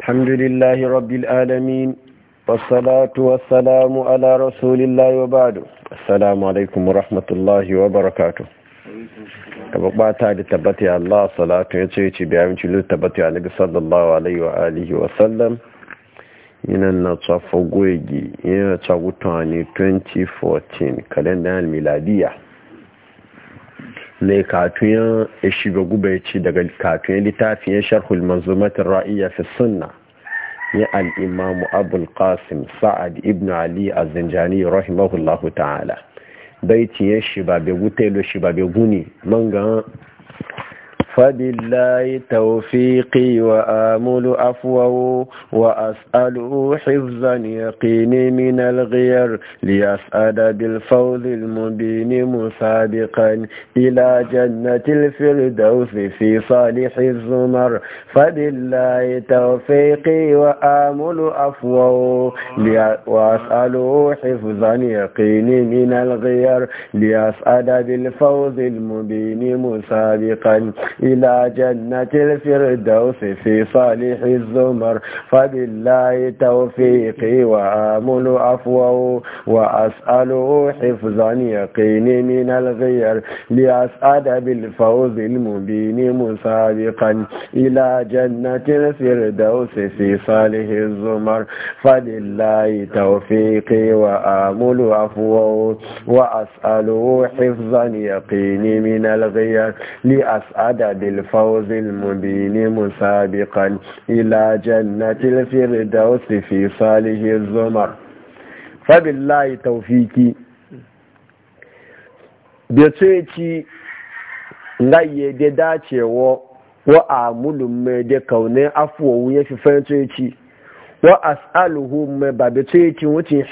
الحمد لله رب العالمين والصلاة والسلام على رسول الله وبعد السلام عليكم ورحمة الله وبركاته tabbata da tabbata ya Allah salatu ya ce ce biya minci lu tabbata ya nabi sallallahu alaihi wa alihi wa sallam yana na tsafa goyi yana ne 2014 kalendar miladiya ne katuyan ishiga gubaici daga katuyan littafin sharhul manzumatin ra'iyya fi sunna ya al'imamu abul qasim sa'ad ibn ali a zinjani rahimahullahu ta'ala baitiyan shi ba begu telo shi ba begu ne man فبالله توفيقي وآمل أفوه وأسأله حفظا يقيني من الغير ليسأل بالفوز المبين مسابقا إلى جنة الفردوس في صالح الزمر فبالله توفيقي وآمل أفوه وأسأله حفظا يقيني من الغير ليسأل بالفوز المبين مسابقا إلى جنة الفردوس في صالح الزمر فبالله توفيقي وآمل أفوه وأسأله حفظا يقيني من الغير لأسعد بالفوز المبين مسابقا إلى جنة الفردوس في صالح الزمر فلله توفيقي وآمل أفوه وأسأله حفظا يقيني من الغير لأسعد بالفوز المبين مسابقا إلى جنة الفردوس في صالح الزمر فبالله توفيكي بيتويتي da dacewa wa amulun mai da kaunin afuwa ya fi fahimtoci wa as'aluhu mai babi tsoyeci wucin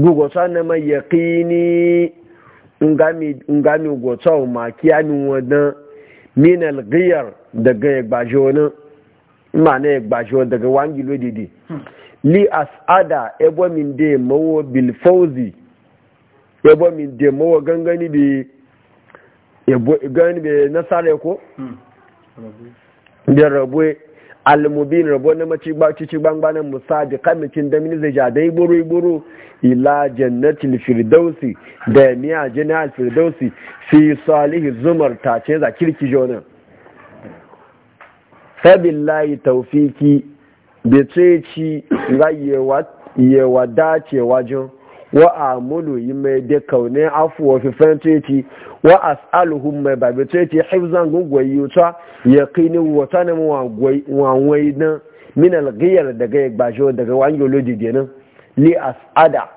ga na mai yaƙini ngami goto ma kiyami wadan min alghiyar daga egbajo na ma na egbajo daga wangi lodidi hmm. li as'ada ebo min de mawo bil fawzi ebo min de mawo gangani bi ebo gangani bi nasare ko da hmm. rabwe almubin rabo na macici gbangbanin musadi kamikin da zai jadai buru-buru ila jannatin firdausi da ya miya jannatin firdausi fi salihi zumar ta ce za kirki jonan layi taufiki da ce ci rayewa dacewa jin wa amulu yi mai da kaune afuwa fifan teci wa as'aluhum mai babi hifzan yi ta ya kini wata na wanwai na min alghiyar daga ya gbashi daga wangioloji kenan li as'ada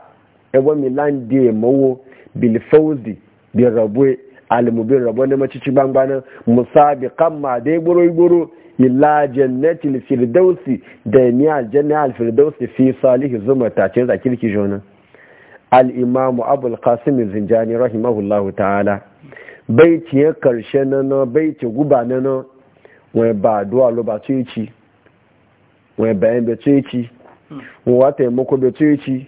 ebo milan de mawo bil fawzi bi rabwe almubin rabo na macici bangbana musabiqan ma dai buru buru ila jannatil firdausi da ni firdausi fi salihi zumata ce za kirki jonan al'imamu abul qasim zinjani rahimahullahu ta'ala bai ciye karshe na na bai ci guba na na wai ba duwa lo ba tuyi ci wai bayan ba tuyi ci wai wa taimako ba tuyi ci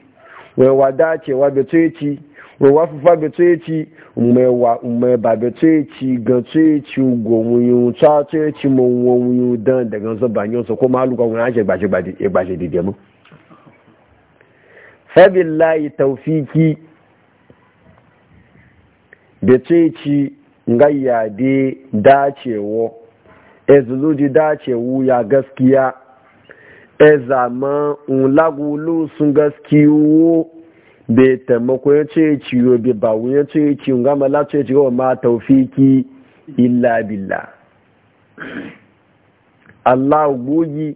wai wa dacewa ba tuyi ci wai wa fufa ba tuyi ci mai ba ba tuyi ci ga tuyi ci gomuyu ta tuyi ci mawuyu dan daga zuba yau su kuma alukan wani ake gbashe gbashe e mu. fabillahi taufiki da ce ci gayyade dacewo ezuluji dacewu ya gaskiya e zama unlagulu sun gaskiyo da taimako ya ce ciyo bi ba wuya ce ciyo gama lace ciyo ma taufiki illa billah Allah gugi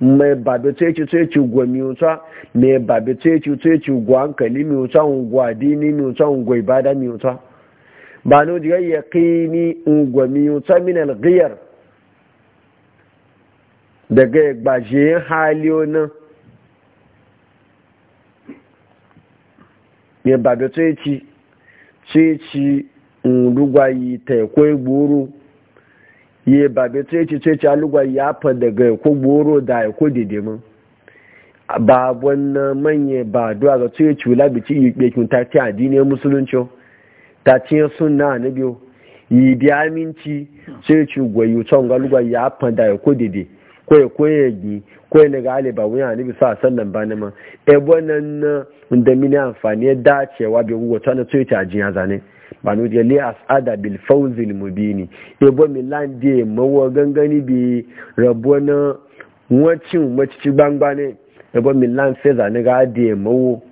mai babe tsoyeci tsoyeci gwa miwuta mai babe tsoyeci tsoyeci gwa hankali miwuta gwa dini miwuta gwa ibada miwuta ba no diga yaqini gwa miwuta min al-ghiyar daga gbaje hali ona mai babe tsoyeci nrugwayi ngwa yi ta gburu ye ba be tsoci ce alugwa ya fa daga ko goro da ya ko dede mun ba wannan manye ba duwa ga la wula ci yi kun ta ci addinin musulunci ta ci sunna na biyo yi bi aminci tsoci gwayo tson alugwa ya fa da ya ko dede ko ya koya gi ko ne ga ale ba wani anabi sa sallan ba ma e wannan da mini amfani da cewa bai wuwa tana ce a jiya zane banu da li as'ada bil fawzil mubini ebo milan de mawo gangani bi rabo na wacin macici gbangba ne ebo milan feza ne ga de mawo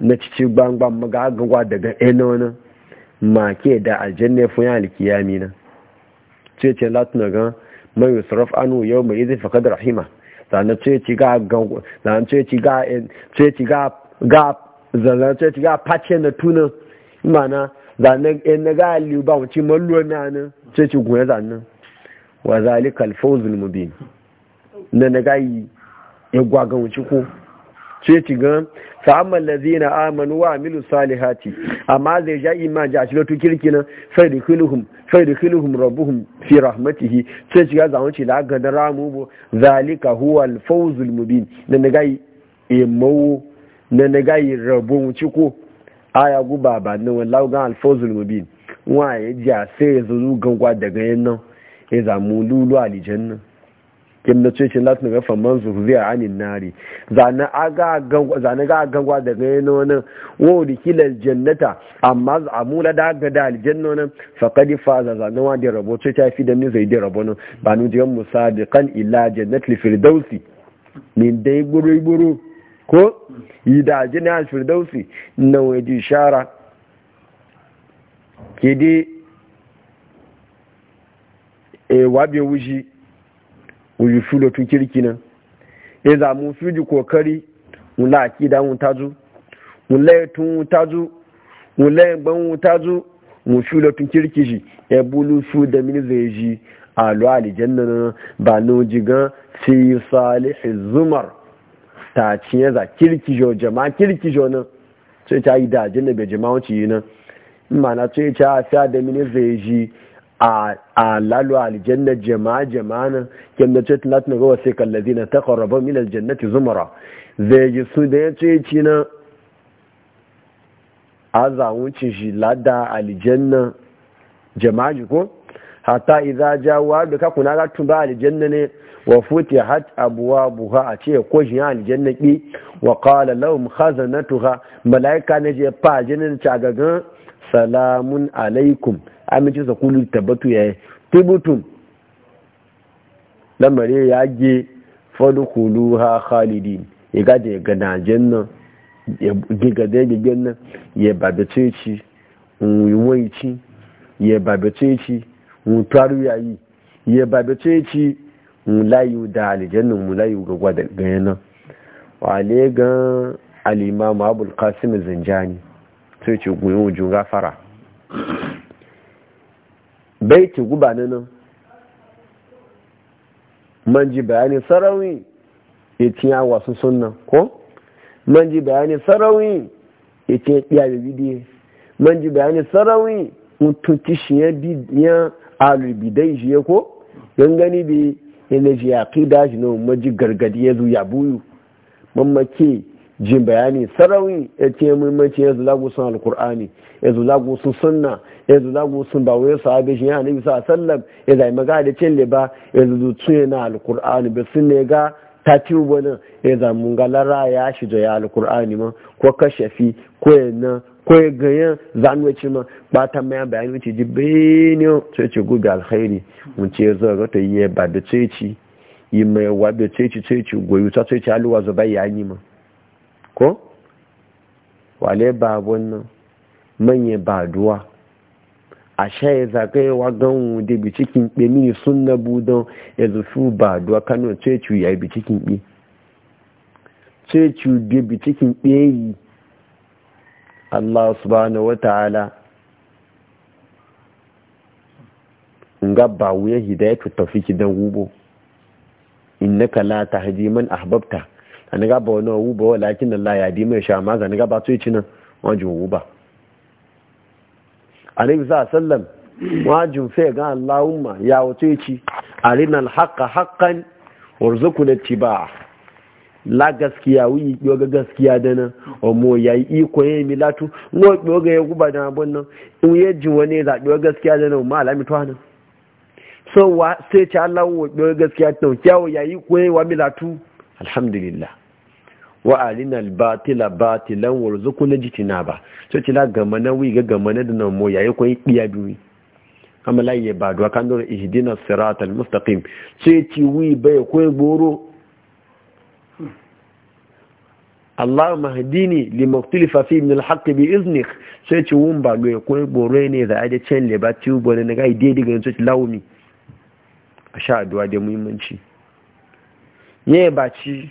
na cici gbangba maga gagwa daga na ma ke da aljanna fun alkiyami na ce ce latin ga mai yusraf anu yau mai izin fakad rahima Zanen ce ci ga ga ga ga face na tunan mana zane eh, in na ga aliyu ba wuce malluwa na nan ce ci goya zanen wa zalika alfawzul mubin na na ga yi ya gwagan wuce ko ce ci gan fa'amman lazina amanu wa amilu salihati amma zai ja ima ji a lotu kirki nan fai da kiluhum rabuhum fi rahmatihi ce ci ga zanen ci da aka da ramu bo zalika huwa alfawzul mubin na na ga yi emawo na na ga yi rabon wuce ko aya guba baba nan wani laugan alfozul mubin wa ya ji a sai ya zuru gangwa daga yin nan ya mu lulu alijan nan kim na cece latin ga faman zuhu zai anin nari zane ga gangwa daga yin nan wo rikilar jannata amma a mula da aka da alijan nan faƙadi faza zane wa da rabo ce ta fi da ni zai da rabo nan ba nu jiyan musadiqan illa jannat li firdausi min dai buru buru. ko yi da jini a firdausi nan waje shara ke dai e wabe wuji wuyi fulo tun kirki nan ya e za mu fi kokari mu a kida mu tazu mu la tun tazu mu ya gban mu tazu mu fulo tun kirki shi ya e bulu su da mini zai ji a lo nan, ba no jigan fi salih zumar ta ciye za jo jama jo nan sai ta yi dajin da bai jama wuce yi nan mana sai ta fiya da mini zai ji a lalu aljanna jama jama nan kemda ce latin ga wasu kallazi na ta kwararraba min aljannati zumara zai ji su da ya ce ci nan a wuce shi lada aljanna jama ji ko hata idza jawa da kakuna ga ba aljanna ne wa futihat buha a ce ko shi aljanna ki wa qala lahum khazanatuha malaika ne je pa jinin cagagan salamun alaikum aminci sa kulu tabbatu yayi tibutum lamare ya je fadkhuluha khalidin ya ga gaje ga aljanna ya giga da gigan ya babace ci wuyi ci ya babace ci mutaru yayi ya babace ci mulayu da aljannin mulayu ga gwadagaya nan wale gan alimamu abul kasim zanjani sai ce goyon wujun gafara bai ce guba na nan man ji bayanin sarawin ya tiya wasu sunna ko man ji bayanin sarawin ya tiya iya da bidiyo man ji bayanin sarawi mutunci shi ya bidiyar alubidai shi ya ko gangani bai yana ji ya da shi na maji gargadi ya ya buyu mamaki jin bayani sarauni ya ce mamaki ya zulagu sun alkur'ani ya zulagu sun sunna ya zulagu sun ba wai sahabe shi yana nabi sallam ya zai maga da cin liba ya zuzu na alkur'ani ba sun ne ga ta ci wani ya ga galara ya shi da ya alkur'ani ma ko kashafi ko yana ko ganyen zanwaci ma ba ta maya bayan wuce ji benin sai ce gudu alkhairi mun ce zo rata yi ba da ceci yi mai wa da ceci ceci goyi ta ceci haluwa zuba ya yi ma ko wale ba wannan manye ba duwa a sha ya e zagaye wa ganwu da bi cikin ɓe mini sun na budon e ya zufu ba duwa kano ceci ya yi bi cikin ɓe ceci da bi cikin ɓe yi Allah subhanahu wata'ala nga ba wuya hidayatu tafiki dan wubo innaka la tahdi man ahbabta an ba wani wubo lakin Allah ya di mai sha ma zan gaba ba to yi nan wajin wuba alayhi sallam wajin fe ga Allahumma ya wato yi ci arinal haqqa haqqan warzuqna tibaa la gaskiya wuyi yoga gaskiya dana omo ya yi iko ya yi milatu ngo yoga ya guba da abun nan in ye ji wani da yoga gaskiya nan ma alami tuwa nan so wa sai ci Allah wa yoga gaskiya to kyawo iko ko ye wa milatu alhamdulillah wa alina albatila batilan warzuquna ba so ci la gama na wuyi ga gama na da nan mo yayi ko iya duwi amma la ba duwa kan do ihdina siratal mustaqim sai ci wuyi bai ko goro Allahumma hadini li muktilifa fi min al-haqqi bi iznik sai ci wun ba ga ko bore ne da aje cen le ba ci bore ne ga ide diga yanzu ci lawumi a sha addu'a da muhimmanci ne ba ci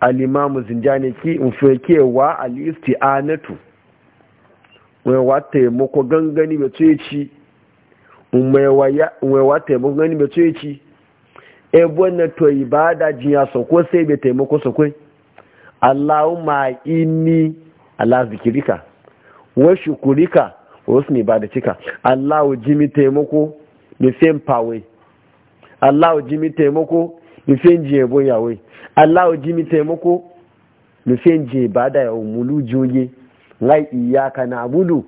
al-imamu zinjani ki in wa al-isti'anatu wai wata taimako gangani ci wai wa taimako gangani ba ci ebon na to ibada jiya so ko sai bai taimako so kai Allahumma inni ala zikrika wa shukrika wa husni ibadatika Allah jimi taimako mi fen pawe Allahu jimi taimako mi fen je ebo yawe Allahu jimi taimako mi fen je ibada ya umulu joye ngai iyyaka na'budu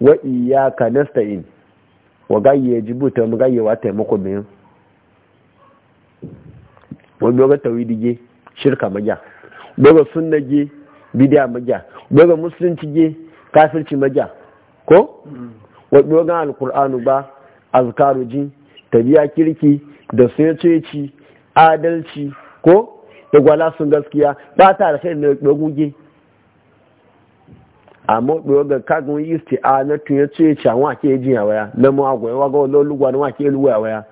wa iyyaka nasta'in wa gayyajibu ta mu gayyawa taimako biyu wani yoga tawhidi ge shirka magiya doga sunna ge bidiya magiya doga musulunci ge kafirci magiya ko wani doga alkur'anu ba azkaru ji tabiya kirki da sai adalci ko da gwala sun gaskiya ba ta da kai na yoga ge àmọ́ pé ọgẹ̀ ya east a nẹ́tún yẹn tún èèyàn a waya, na mu lẹ́mọ́ àgọ̀ ẹ̀wá wani lọ́lúwa ni wọ́n àkíyèlúwẹ̀ a waya.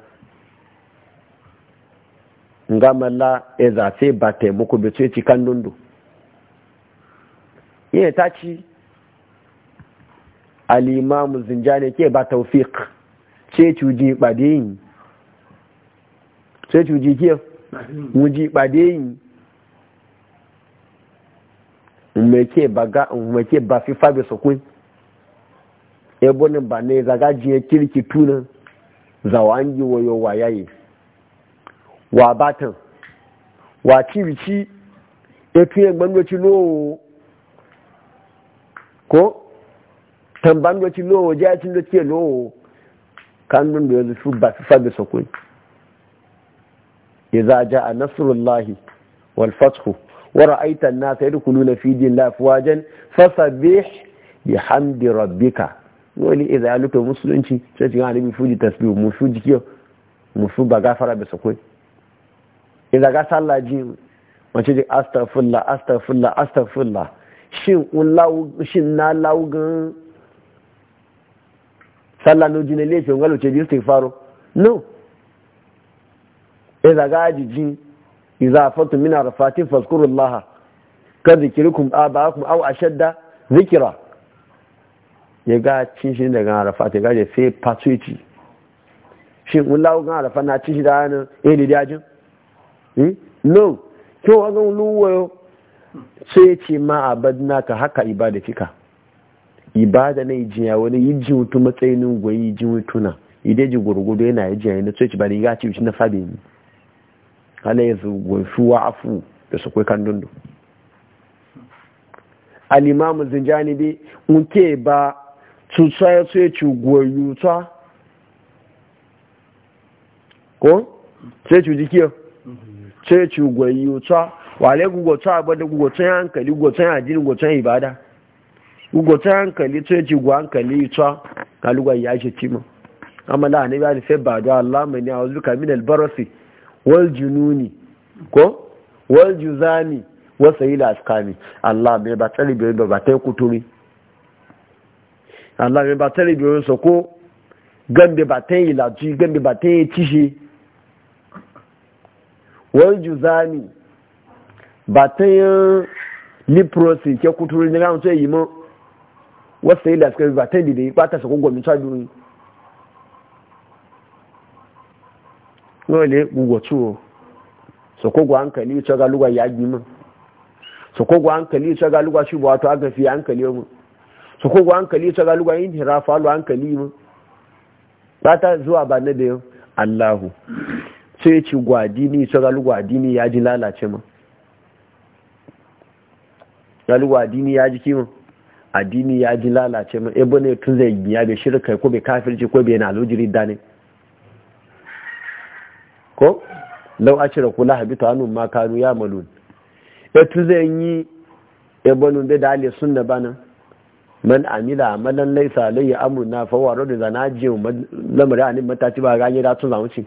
nga malla e zafe ba e taimako bai ce kan dundu yin ta ci alimamu zinjani ke ba taufik ce cuji ɓade yi ce cuji ke wuji ɓade yi meke ba fi fabe sukun ebonin ba ne zaga jiye kirki tunan zawangi wayo wayaye wa batin wa cibici ya fiye gbandoci lowo ko tamban doci lowo jayacin da ke lowo kanun da ya zufi ba su sabi za iza ja a nasurullahi wal fathu wa ra'aita na nasa yadkhuluna fi dinillahi afwajan fasabbih hamdi rabbika wani iza ya lupe musulunci sai ci ga annabi fuji tasbih mu fuji kiyo mu su ba gafara bi sokoi idan ga sallah ji wace ji astaghfirullah astaghfirullah astaghfirullah shin un shin na lawgan sallah no jine lefe ngalo ce ji istighfaru no idan ga ji idza fatu min arfati fazkurullah ka zikirkum abaakum aw ashadda zikra ya ga cin shi daga arafat ya gaje sai fatuici shin un lawgan arafat na cin shi da hannun eh da Hmm? no kí wọ́n gan lúwọ́ sai ce ma abadna ka haka ibada fika ibada na ijiya wani yi jin wutu matsayin gwayi jin wutuna ide ji gurgudu yana yi jiya yana sai ci bari ya ci na fabi ne hala ya su gwafi afu da su kai kan dundu alimamu zinjani bi nke ba tutsa ya sai ci gwayu ta ko sai ci jikiyar sai ci gwayi wuta wale gugota abada gugotan hankali gugotan ajini gugotan ibada gugotan hankali sai ci gwa hankali wuta kaluwa ya ce cima amma la ne ba da sai ba da Allah mai ne a wasu kamin albarasi wal jununi ko wal juzami wasa yi da askami Allah mai ba tsari biyar ba ba ta yi kuturi Allah mai ba tsari biyar sa ko gambe ba ta yi laji gambe ba ta yi cishe wal juzami ba ta yin leprosy ke kuturu ne ranar tsaye yi mo wasu yi lafiya ba ta yi da yi ɓata sakon gwamnati ta duni lọ́lẹ̀ gugwọ̀tú o sọkogwa hankali tsagaluwa ya gbi min sọkogwa hankali tsagaluwa shi ba wato agafi hankali mu sọkogwa hankali tsagaluwa yin hirafa lo hankali mu ba ta zuwa ba na da yau allahu sai ya ci gwadini sai galu gwadini ya ji lalace ma galu gwadini ya ji kima addini ya ji lalace ma ebe ne tun zai biya bai shirka ko bai kafirci ko bai na alujiri dane ko lau a cire kula habita hannun ma kanu ya malun ya e tun zai yi ebe nun bai da ale sunna bana man amila amalan laisa alayya amruna fa wa radu zanaji lamari anin mataci ba ganye da tun zamuci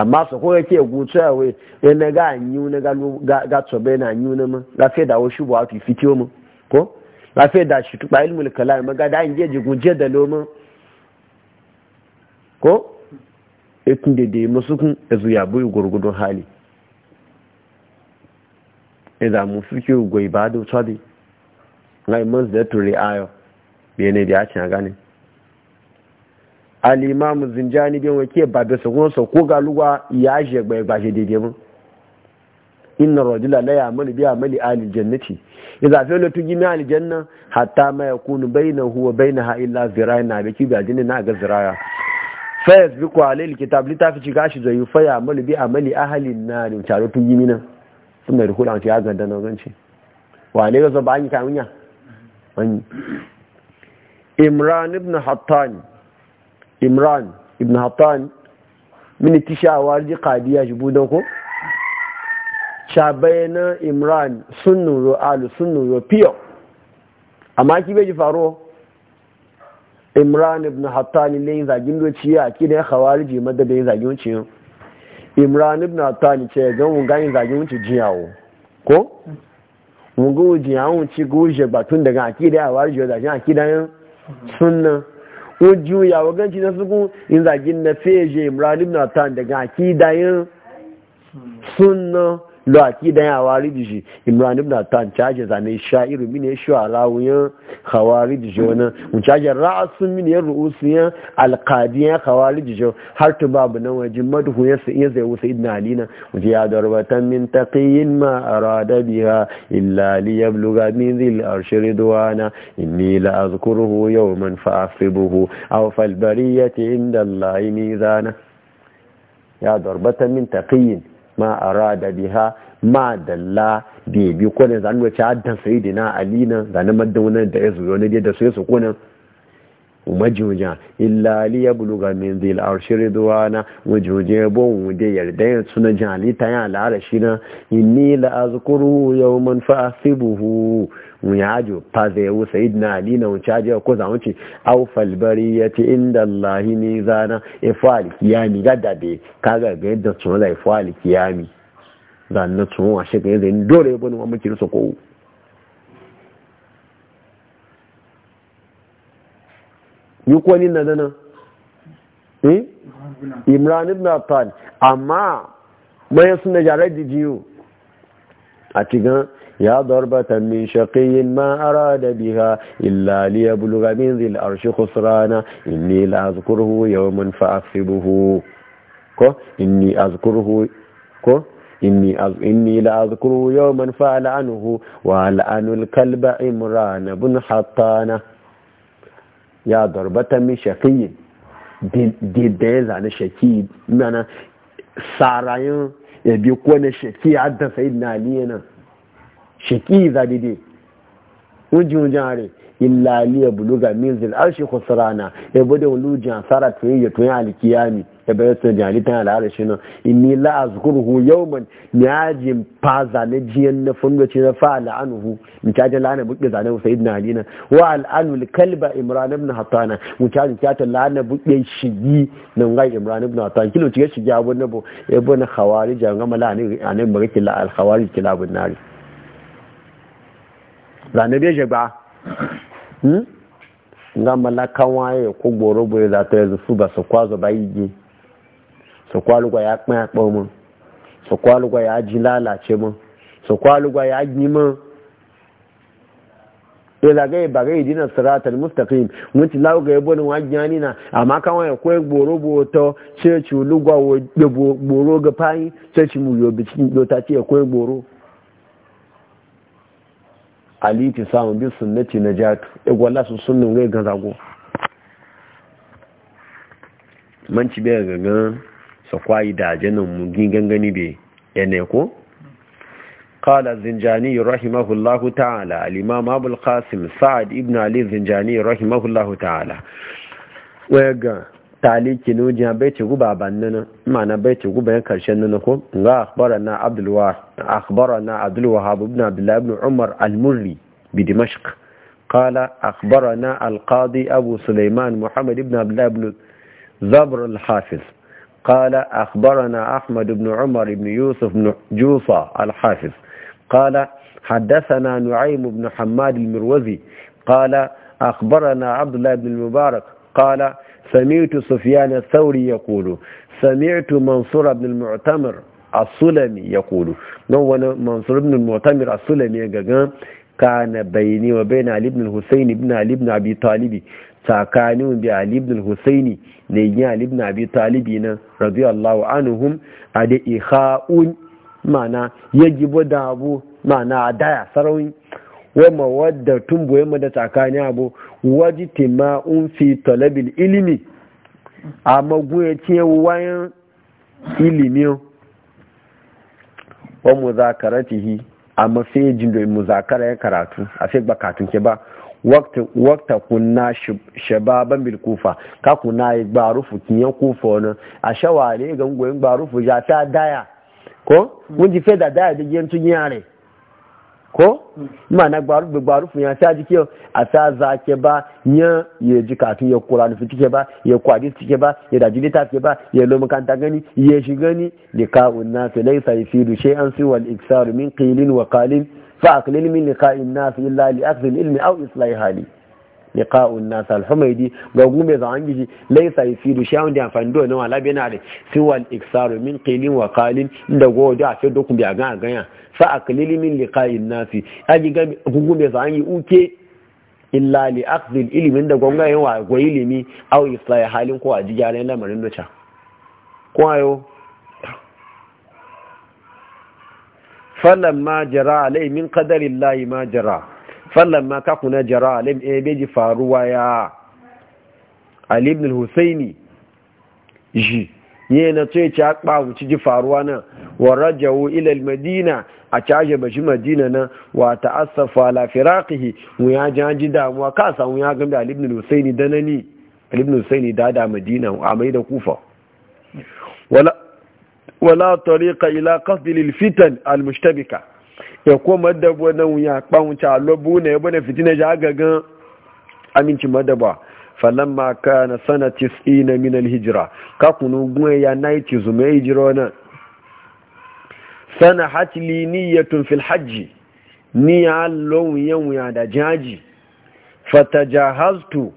amma su ko yake gucewa wai na ga anyu na ga tsobe na anyu na ma lafiya da wasu ba fi fitiyo mu ko lafiya da shi tuba ilmul kalam ga da an je jigunje da mu, ko ikin da dai musu kun azu e ya boye gurgudun hali idan e mu fike goyi ba da tsabi ngai mun da turi ayo bene da ya ci gane alimamu zinjani bin wake ba da sakonsa ko galuwa ya gbe ya daidai mu inna rajula la ya'malu bi amali ahli jannati idza fa'ala tujmi ahli janna hatta ma yakunu bainahu wa bainaha illa zira'a na biki ba jinni na ga zira'a fa yasbiqu alayhi alkitab li tafi gashi zai fa ya'malu bi amali ahli nar tare tujmi nan sun da rukulan ya ga dan nan ce wa ne ga ba an yi kamunya wani imran ibn hattani imran ibn hatan mini shawar ji kadiya shi budan ko shabai na imran sun nuro alu sun nuro fiyo amma ki bai ji faro imran ibn hatan ne yin zagin doci ya ki da khawari ji madda da yin zagin wuce imran ibn hatan ce ga gan ga yin zagin wuce jiyawo ko mun go jiyawo ci goje batun daga akida ya warje da akida sunna ko juya wa ganci na suku in zagin na feje imranim na atan daga akidayin sunna lo akidan ya waridi diji imran ibn atan caje zane sha'iru min ya shi ala wuyan khawaridi diji wani mun caje ra'asun min ya ru'usiyan alqadiyan khawaridi shi har to babu nan waje madhu ya sai zai wusa ibn ali na mun ya darbatan min taqiyin ma arada biha illa li yabluga min dhil arsh ridwana inni la azkuruhu yawman fa'afibuhu aw fal bariyati inda allahi mizana ya darbatan min taqiyin ma arada biha ma dalla bi bi ko ne zan wuce haddan sayyidina ali nan zan maddunan da ya zuyo ne da sai su kunan majuja illa li yabluga min dhil arshi ridwana wajuje bo wude yarda suna jali ta ya lara shi na inni la azkuru yawman fa wuyajo fazewu sayidina ali na wuce ajiya ko za wuce au falbari ya ce inda allahi ne zana ifo alikiyami gada da kaga ga yadda tun da ifo alikiyami zanen tun wa shi ga yadda dole ya bani wa mukin su kowu yi kwani na dana eh? imran ibn affan amma mai suna jarar jijiyo a cikin يا ضربة من شقي ما أراد بها إلا ليبلغ من ذي الأرش خسرانا إني لأذكره يوما فأكسبه كو إني أذكره كو إني أذ... إني لأذكره يوما فألعنه وألعن الكلب عمران بن حطانة يا ضربة من شقي دي دي زعنا شقي معنى سارعين يبي يكون في عدى سيدنا علينا shaki za dide wujin wujin hare illa liya buluga min arshi kusurana ya bude wulu jan sara tuyi ya tuyi alkiyami ya bayar sun jali ta ala arshi nan inni la man ni ajin faza na jiyan na fungaci na fa'ala anhu mu caje lana buɗe zane wasu idina halina wa al'anu kalba imran ibn hatana mu caje kyata lana buɗe shigi na ngai imran ibn hatana kilo cike shigi abun nabo ibn khawarij an ga mala ne anan barkilla al khawarij kilabun nari zane bai hmm? shi ba nga malaka waye ko gboro boye za ta yanzu su ba su kwazo ba igi sokwa su kwaluga ya kpin apo mu su kwaluga ya ji lalace mu su kwaluga ya yi mu ila ga ba ga idina siratal mustaqim mun ti lawo ga yabo wa jani na amma kan waya ko e gboro bo to ce ci lugwa wo gboro ga fayi ce ci mu yo bi ci do ta ko e gboro aliti samun bin sunnati na jatu igwala e su sunnin gai gan zago manci bai gangan su kwayi da ajanin mugin gangani bai yana ko قال الزنجاني رحمه الله تعالى الإمام أبو القاسم سعد ابن علي الزنجاني رحمه الله تعالى taliki nuji ha bai ce guba ban nan ma'ana bai ce guba yan karshen nan ko ga akhbarana abdul wahab akhbarana abdul wahab ibn abdullahi ibn umar al-murri bi dimashq qala akhbarana al-qadi abu sulaiman muhammad ibn abdullahi ibn zabr al-hafiz قال أخبرنا أحمد بن عمر بن يوسف بن جوصة الحافظ قال حدثنا ibn al qala na abdullahi ibn mubarak qala sami'tu sufyan thawri yaqulu sami'tu mansur ibn al-mu'tamir as-sulami yaqulu don wani mansur ibn al-mu'tamir as-sulami ya ga bayni wa bayna ali ibn al-husayn ibn ali ibn abi talib tsakanin bi ali ibn al-husayn ne yin ali ibn abi talib na radiyallahu anhum ade ikhaun mana yajibu da abu mana adaya sarawi wa wadda tun boye da tsakani abu waji tima'un fi talabil ilimi a magu ya ce wayan ilimi wa hi a mafi jindo muzakara ya karatu a fi bakatun ke ba wakta kunna shababan bil kufa ka kuna yi gbarufu kiyan kufa wani a shawale gangoyin gbarufu ya fi daya ko mun ji fe da daya da giyan tun yare ko mana gbaru fun ya ta jike a za zake ba ya ye ji katun ya kura nufi tike ba ya kwadi tike ba ya daji lita ke ba ya lo kanta gani ya shi gani da ka'un nasu laisa fi shay'an siwa al-iksaru min qilin wa qalin fa aqlil min liqa'in nas illa li akhdhi al-ilmi au isla'i hali liqa'un nas al-humaydi ga gume za an giji laysa yufidu shay'un da amfani da wannan alabi na da siwal iksaru min qilin wa qalin inda go da afi dokun bi agan aganya fa aqlili min liqa'in nas aji ga gume za an yi uke illa li akhdhi ilimin da gonga yin wa go ilimi aw islai halin ko aji gyaran lamarin da ko ayo falamma jara alai min qadarillahi ma jara fallan ma ka kuna jara alim e beji faruwa ya ali ibn husaini ji ye na ce ci akpa wuci ji faruwa na wa rajawu ila madina a caje bashi madina na wa ta'assafa ala firaqihi mu ya jaji damuwa ka samu ya gambe ali ibn husaini danani ali ibn husaini da da madina a mai da kufa wala wala tariqa ila qasdi lil fitan al mushtabika ya ko na wuya kpawun lobu na yabo na fitina ja gagan aminci madaba maka na sana tisi na minal hijra kakunu gwe ya naiti zuma hijira wani sana hatli niyyatun fil hajji niyya lon yan wuya da jaji fatajahaztu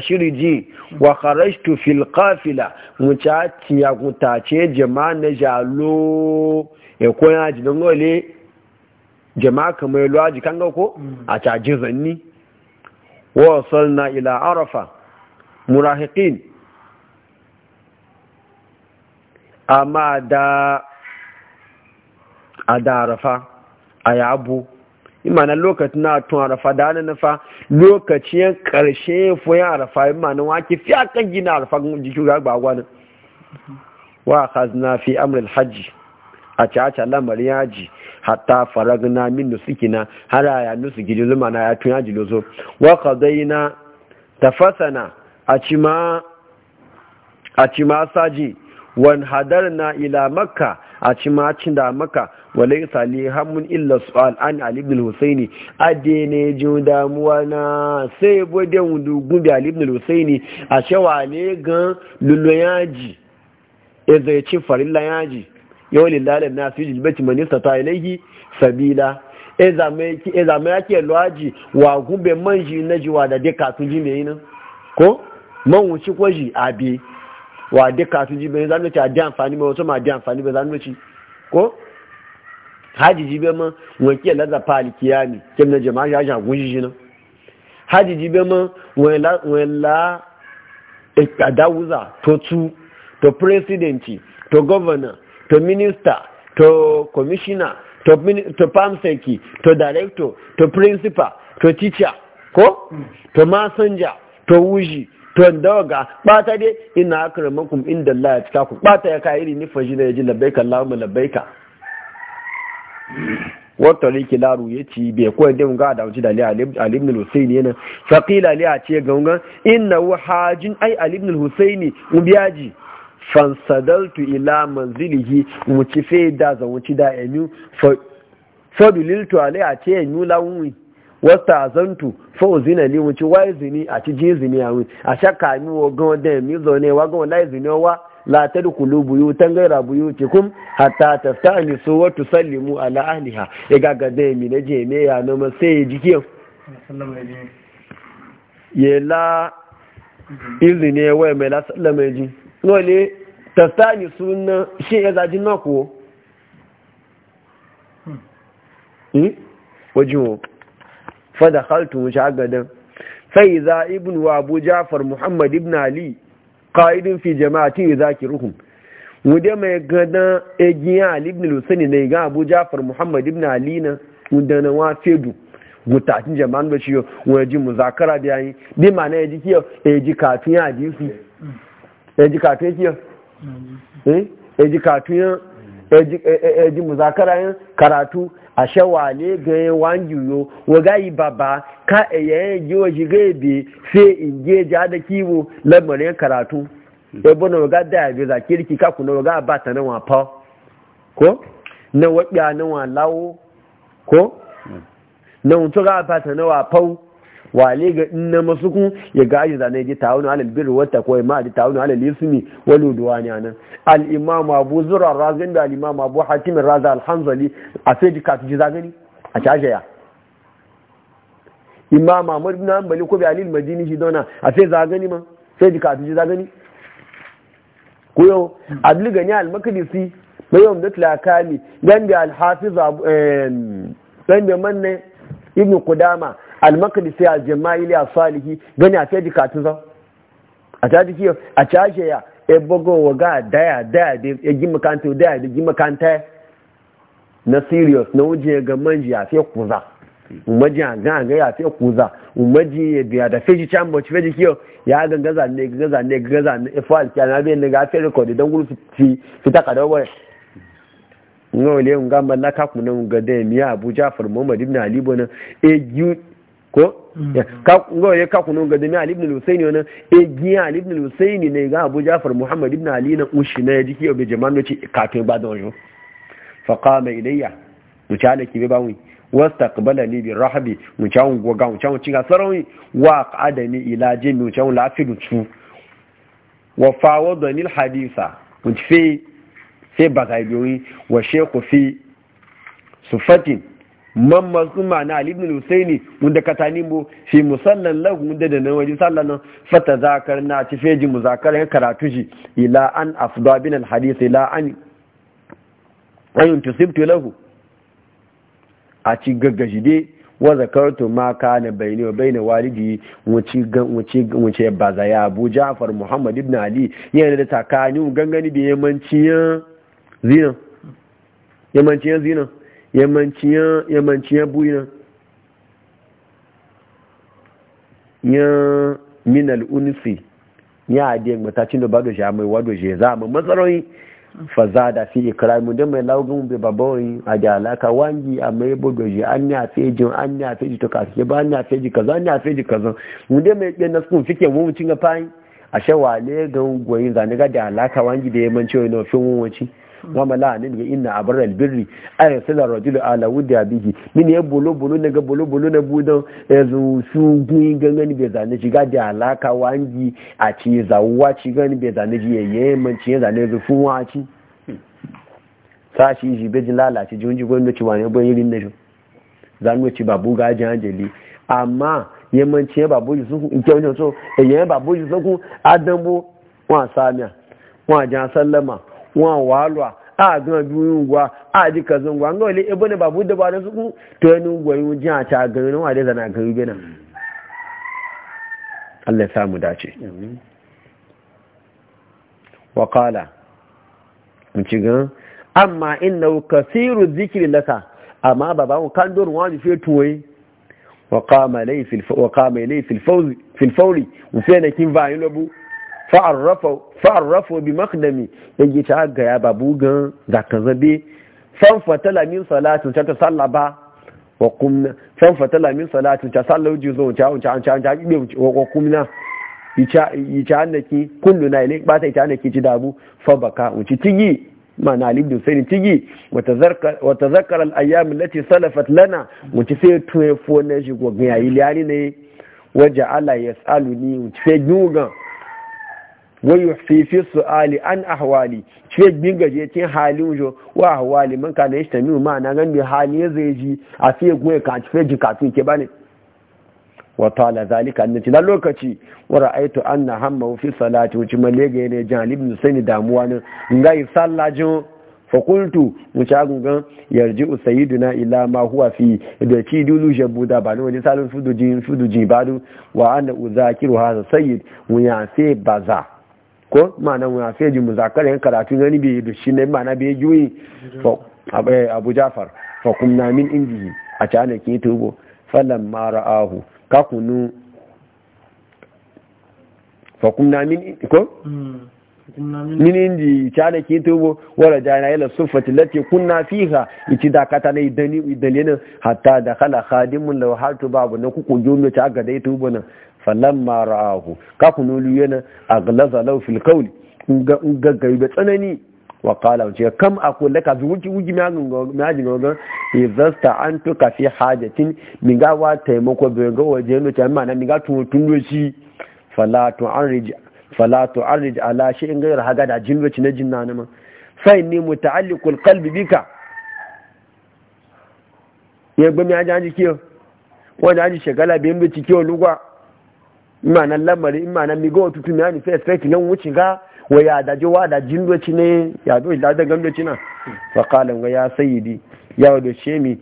shiri ji wa kharashtu fil Kafila, mucha tiya kutace jama na jalo ya ko ya wale jama'a kamar luwaji kan ga ko mm. a caji zanni wasan na ila arafa a ma da a da arafa a yabu imana lokacin na tun arafa da na nufa lokacin karshe foyan arafa imana wake fi akan gina arafa jikin gagbawa ne mm-hmm. wa khazna fi hajji a caca lamar yaji hatta faragna min nusikina har ya gidi zuma na ya tun yaji lozo wa qadaina tafasana a cima saji wan hadarna ila makka a cima cin da makka walai sali hamun illa su'al an ali ibn husaini ade ne ji damuwa na sai bode wudu gumbi ali ibn husaini a cewa ne gan lullu yaji ya zai ci farilla yaji yau lillahi na fi jilbeci manista ta ta ilaihi sabila e zama ya ke lwaji wa gube man ji na ji wa da dika su ji mai nan ko man wuce ko ji bi wa dika su ji mai zanen ci a di amfani mai wasu ma di amfani mai zanen ko haji ji bai man wanke laza fali kiyami kim na jama'a ya jagun ji nan haji ji bai man wela adawuza to tu to presidenti to governor to minister to commissioner to to farm to director to principal to teacher ko to messenger to wuji to daga bata dai ina akramakum inda Allah ya tsaka ku bata ya kai ni faji da yaji labbaika Allahumma labbaika wata riki laru ya ci bai kuwa din ga da wuci da Ali ibn al-husaini yana faqila li a ce ga inna hajin ai ibn al-husaini ubiyaji fansadaltu ila manzilihi ci fe da zan wuci da fa faduliltu ale a ce emi lawunwi wata azantu fa uzina li ci wa izini a ci ji zini a wi a shakka mi wo gan da emi zo ne wa gan la izini wa la tadkhulu buyutan ghayra buyutikum hatta tasta'nisu wa tusallimu ala ahliha ya gaga da emi ne je me ya no ma sai jike yela izini wa me la sallama ji ta sani suna shi ya zaji na ko hmm. hmm? wajen fada haltun wuce agadan sai za ibn wa abu jafar muhammad ibn ali ƙa'idin fi jama'ati za ki ruhun wude mai gada egiyan ali ibn lusani na igan abu jafar muhammad ibn ali na wudana wa fedu gutacin jama'an da ciyo wajen muzakara da yayi bi ma na ya ji kiyar ya ji ya ji su eji kafin kiyo eji eh? kafin e, e, eji muzakara yin karatu a shawale ga yin wangiyo waga yi baba ka eyayen yiwa shi ga ebe fe inje ja da kiwo lamarin karatu hmm. ebe na waga da yabe za kirki kaku na waga ba ta na wafa ko na wa waɗa hmm. na walawo ko na wutura ba ta na wa wafau wale ga inna masuku ya gaji zane ji wani alal birri wata kawai ma ji wani alal wani wal udwani anan al imam abu zura razin da al abu hakimin raza alhanzali a sai ji kasu ji zagani a caje ya imam ahmad ibn hanbali ko bi alil madini shi dona a sai zagani ma sai ji kasu ji zagani ko yau abdul gani al makdisi bayan umdat lakali dan bi al hafiz ɗan da manne ibn Kudama. almakadisi aljama'ili a salihi gani a ta ji katun zan a ta ji kiyo a cashe ya e bogo wa ga daya daya da ya gi makanta daya da gi makanta na serious na wuje ga manji a sai kuza umaji a ga ga ya sai kuza umaji ya biya da feji can ci feji kiyo ya ga gaza ne gaza ne gaza ne e fal kya na be ne ga fe record dan gulu fi fita kada wa ngole ngamba na kakunan ga da miya Abuja Far Muhammad ibn Ali bona e ko ngo mm. ya ka kunu ga dami Ali ibn Husaini wannan e giya Ali ibn Husaini ne ga Abu Ja'far Muhammad ibn Ali na ushi na jiki obi jama'an ci kafin ba da wajo fa qama ilayya mutala ki be bawi ni bi rahbi ga goga mutawun cinga sarawi wa qadani ila jimi mutawun lafidu tu wa fawadani al haditha mutfi sai bagai biyoyi wa shekhu fi sufatin man sun ma'ana alibin husaini wanda ka tani mu fi musallan lahu wanda da nan waje sallan fata zakar na ci feji muzakar ya karatu shi ila an afdwa bin alhadis ila an ayun tusibtu lahu a ci gaggashi dai wa zakartu ma kana bayni wa bayna walidi wuci wuci wuce ya Abu Ja'far Muhammad ibn Ali yana da takani gangani da yamanci zina yamanci zina ya buyi ya minal unisi ya adiyar matacin da ba da sha mai wado shi za mu matsaroyi faza da fi mu don mai laugun bai babawai a da alaka wangi a mai bugu shi an ya feji an ya feji to kasu ba an ya feji kaza an ya feji kaza mu dai mai ɗan nasu fike mu cin ga fayin a shawale ga gwayin zane ga da alaka wangi da yammanci wani ofin wuwaci wa mala ne ga inna abar albirri ay sala rajulu ala wudi abihi min ya bolo bolo ne ga bolo bolo na budan ezu su gun gangan be zane shiga da alaka wangi a ci zawwa ci gan be zane ji yeye man ci zane zu fun wa ci sashi ji be lalace junji gwamnati wani ban yirin da shi zanu ci babu gajin anjeli amma yammanci ya babu yusufu nke wajen so èyàn e babu yusufu adambo wọn àsáàmìà wọn àjá sallama wọn wahala, a gan bi wọn gwa a ji ka zan gwa an gawale ebe ne babu da ba da suku to yi nun gwayi wajen a ta gari na wade zana gari bena Allah ya samu dace wa amma innahu kathiru dhikri laka amma baba mu kan don wani fe tuwai wa qama lay fil wa qama lay fil fawz fil fawri mu fe fa fa'arrafo bi makdami yake ta gaya babu gan zaka zabe san fatala min salatin ta salla ba wa kumna san fatala salatin ta salla uji zo ta ta ta ta ibe wa kumna yi yicha annaki kullu na ile bata ita annaki ci dabu fa baka uci tigi na ali ibn sayyid tigi Wata, zakar, wa tazakkara salafat lana wuce sai tuwe fo na shi go ga yayi ne waja ala yasaluni wuce sai nugan wayu su Ali, an ahwali ce gingaje cin halin jo wa ahwali man kana yashta mi ma na gan bi hali zai ji a fiye goye ka ci feji ka tun ke bane wa tala zalika ci dan lokaci wa ra'aytu anna hamma fi salati wuci malega ne jan ibn sani damuwa ne ngai sallajin fakultu mucagun gan yarji usayiduna ila ma huwa fi da ci dulu jabuda ba wani fudu fudujin ba badu wa ana uzakiru hadha sayyid mu ya sai baza ko ma'ana wa sai ji muzakar yan karatu gani bai da shi ne ma'ana bai juyi to eh, abu jafar fa kumna min indihi a cana ki tubo falan mara ahu ka kunu fa kumna min ko min indi cana ki tubo wala jana ila sufati lati kunna fiha ichi da kata ne dani dalilin hatta da khala khadimun law haltu babu na ku ku jomi ta ga dai tubo nan falamma ra'ahu ka kunulu yana aglaza law fil qawli ga gaggai da tsanani wa qala wace kam akul laka zuwuki wuki maji gogon izasta an tuka fi hajatin min ga wa taimako bai ga waje no ta mana min ga tun doci fala tu'arij fala tu'arij ala shay'in ghayra haga da jinwaci na jin jinnana ma fa inni muta'alliqul qalbi bika ya gbami ajaji kiyo wanda aji shagala bin bi cikiyo lugwa imanan lamari imanan migo tutu tumi ani fe fe nan wuci ga wa ya daje wa da jindoci ne ya do da da gandoci na fa qala ya sayyidi ya wado shemi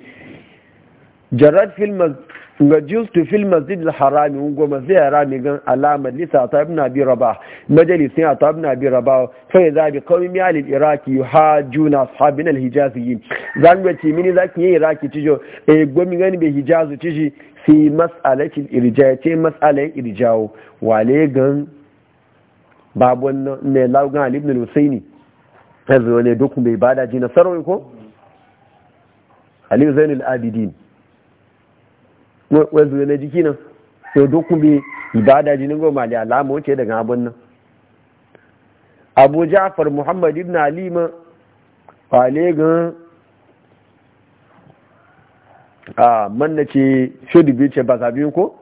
jarad fil ga jiltu fil masjid al harami ungo masjid harami gan alama lisa ta ibn abi rabah majalisin ta ibn abi rabah fa idza bi qawmi al iraqi yuhajuna ashabina al hijazi. zan ga ci mini zaki yi iraki tijo e gomi gani be hijazu tiji fi mas'alati al irja ce mas'alai wa wale gan babon ne laugan al ibn al husaini zo ne dokun be ibada ji nasarai ko ali zainul abidin wanzu na jiki nan yau dukkan bi ibada nan goma da alama wuce daga abin nan abu ja'far muhammad ibn alima kwale gan a manna ce shudu biyu ce ba zabi ko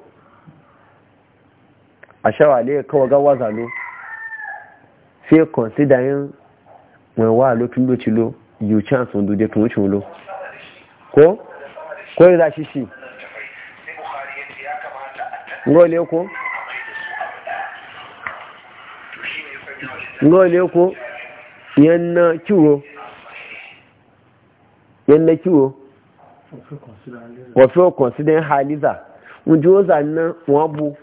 a shawale kawai gawa zalo sai consider yin wani wa lokin lo cilo yi chance wundu da tun wucin lo ko ko yi za shi shi ngole ko ngole ko yanna kiwo yanna kiwo wafi haliza njo zanna wabu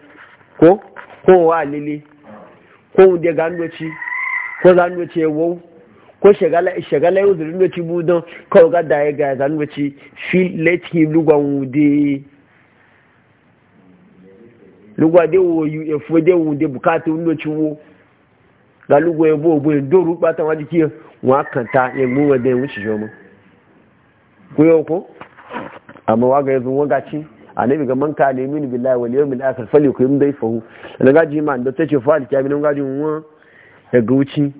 ko ko wa lele ko unde gandoci ko zandoci e wo ko shagala shagala yau zurin doci budan ko ga da ya e ga fi let him lugan lugwa de wo yu efo de wo de bukata wo ci wo ga lugwa e bo bo do ru pata wa dikiyo wa kanta e mu wa de wo ci jomo ku yo ko amma wa ga yanzu waga ci annabi ga man ka ne min billahi wal yawmil akhir fali ku yim dai fahu da gaji ma da tace fa al kamin gaji wa da e gauci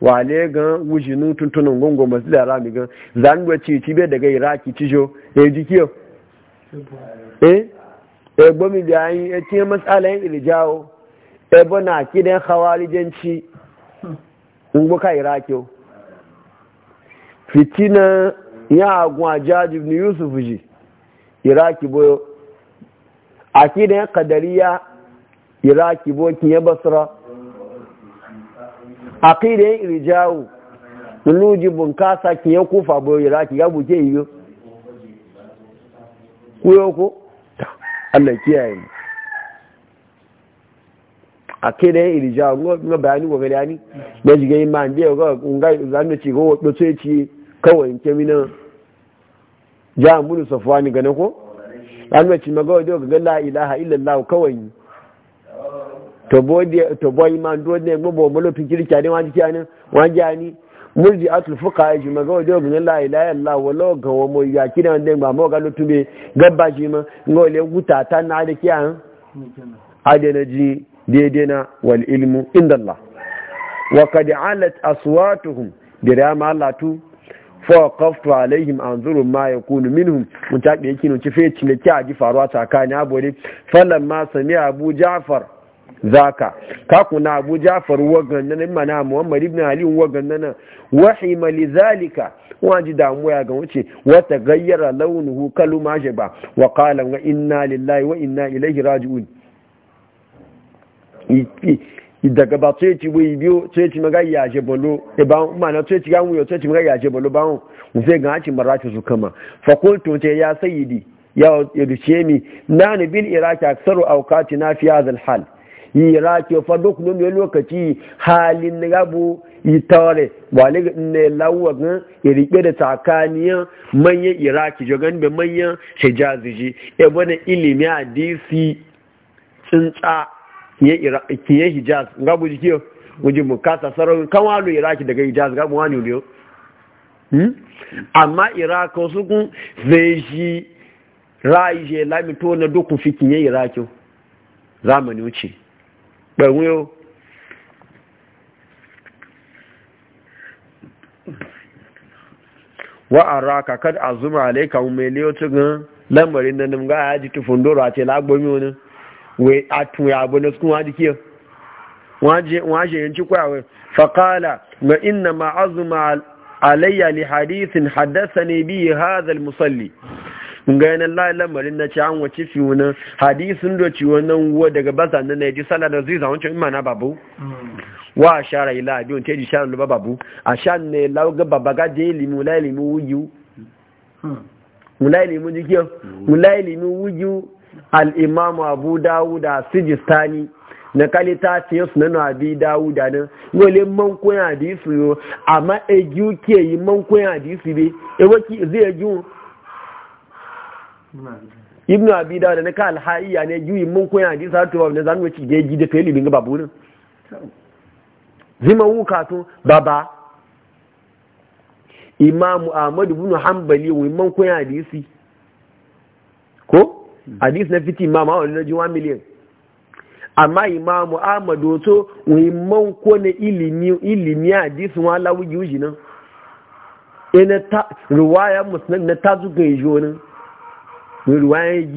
wale ga wujinu tuntunan gongo masu da rami ga zanwa ci ci bai daga iraki ci jo ya e ji kiyo eh ebo mi da yi e ya ce matsalan e irjawo ebe na kidan hawarijanci in hmm. buka irakiyo fitina ya agun ajaji ni yusuf ji iraki boyo a ya kadariya iraki bokin ya basra akidan ya irjawo luji bunkasa kin ya kufa boyo iraki ya buke yi kuyo ko Allah kiyaye mu a ke da ya yin irija nga bayani wa gari ani na jiga yi man biya ga nga zanu ci go do sai ci kawai in kemina ja mun safwani gane ko an ci maga do ga la ilaha illa allah kawai to bodi to yi man do ne mo bo mo lo fikir ci ani wani ci ani wani ani murji atul fuka ji ma ga da bin la ilaha illa wala ga wa mo ya kina wanda ba mo ga lutube gabba ji ma ngole wuta ta na da adana ji daidai na wal ilmu inda Allah wa kad alat aswatuhum dirama latu fa qaftu alaihim anzuru ma yakunu minhum mun ta be kinu ci fe cin ki ji faruwa tsakani abode fallan ma sami abu ja'far zaka ka kuna abu ja'far wa gannan mana muhammad ibn ali wa gannan wahima lidhalika waji damuwa ga wuce wata gayyara launuhu kalu shi ba wa kala wa inna lillahi wa inna ilaihi raji'un daga ba tó ti wéyí bí ó tó ti maga yà ṣe bọ̀lọ́ ìbá mana tó ti gáwọn yóò tó ti maga ya ṣe bọ̀lọ́ báwọn ń fẹ́ gan áci mara ti zuka ma fakul tó ya sayidi ya yadda ce mi na ni bil iraki aksaru aukati na fi hazal hal yira ke fa duk nun ya lokaci halin rabu yi tare wale ne lawa ga irike da tsakaniyan manyan iraki jogan be manyan hijaziji e bane ilimi hadisi tsuntsa ya iraki ya hijaz gabu jike wuji mu kasa sarau kan walu iraki daga hijaz mu wani ne hmm? amma iraki su kun zai shi ra'ayi je lamito na dukkan fikin ya iraki zamani wuce pẹ̀wé o wa ara kakar azuma alaika umele otu gan lamarin da namga ya ji tufin doro a ce lagbomi wani wai a tuya abu na sukun waji kiyo waje yanci kwayawai faƙala ma inna ma azuma alayya li hadithin haddasa ne biyu hazal musalli ganin lamarin na ciyan wace fi wani hadisun doci wannan wa daga baza na na ji sallah da zai zaunce in mana babu mm. wa a shara ila abin ta ji shara luba babu a sha ne lauga babba ga je limu la limu wuyu mm. mulai limu jikiyo mm. mulai limu wuyu al abu dawuda sijistani na kalita ce su na nabi dawuda nan wale man koyan hadisi yo amma egiyu ke yi man koyan hadisi be zai egiyu ibnu Abida da na ka alhaiya ne juyi mun koyan hadisi har tuwa ne zan wuce ga gidi fa ilimin babu ne zima wuka to baba imamu ahmad ibn hanbali wai mun koyan hadisi ko hadisi na fiti imam awon na ji juwa miliyan amma imamu ahmad to wai mun kone ilimi ilimi hadisi wa lawuji uji nan ina e ta riwaya musnad na tazuga yi jonin lórí wáyé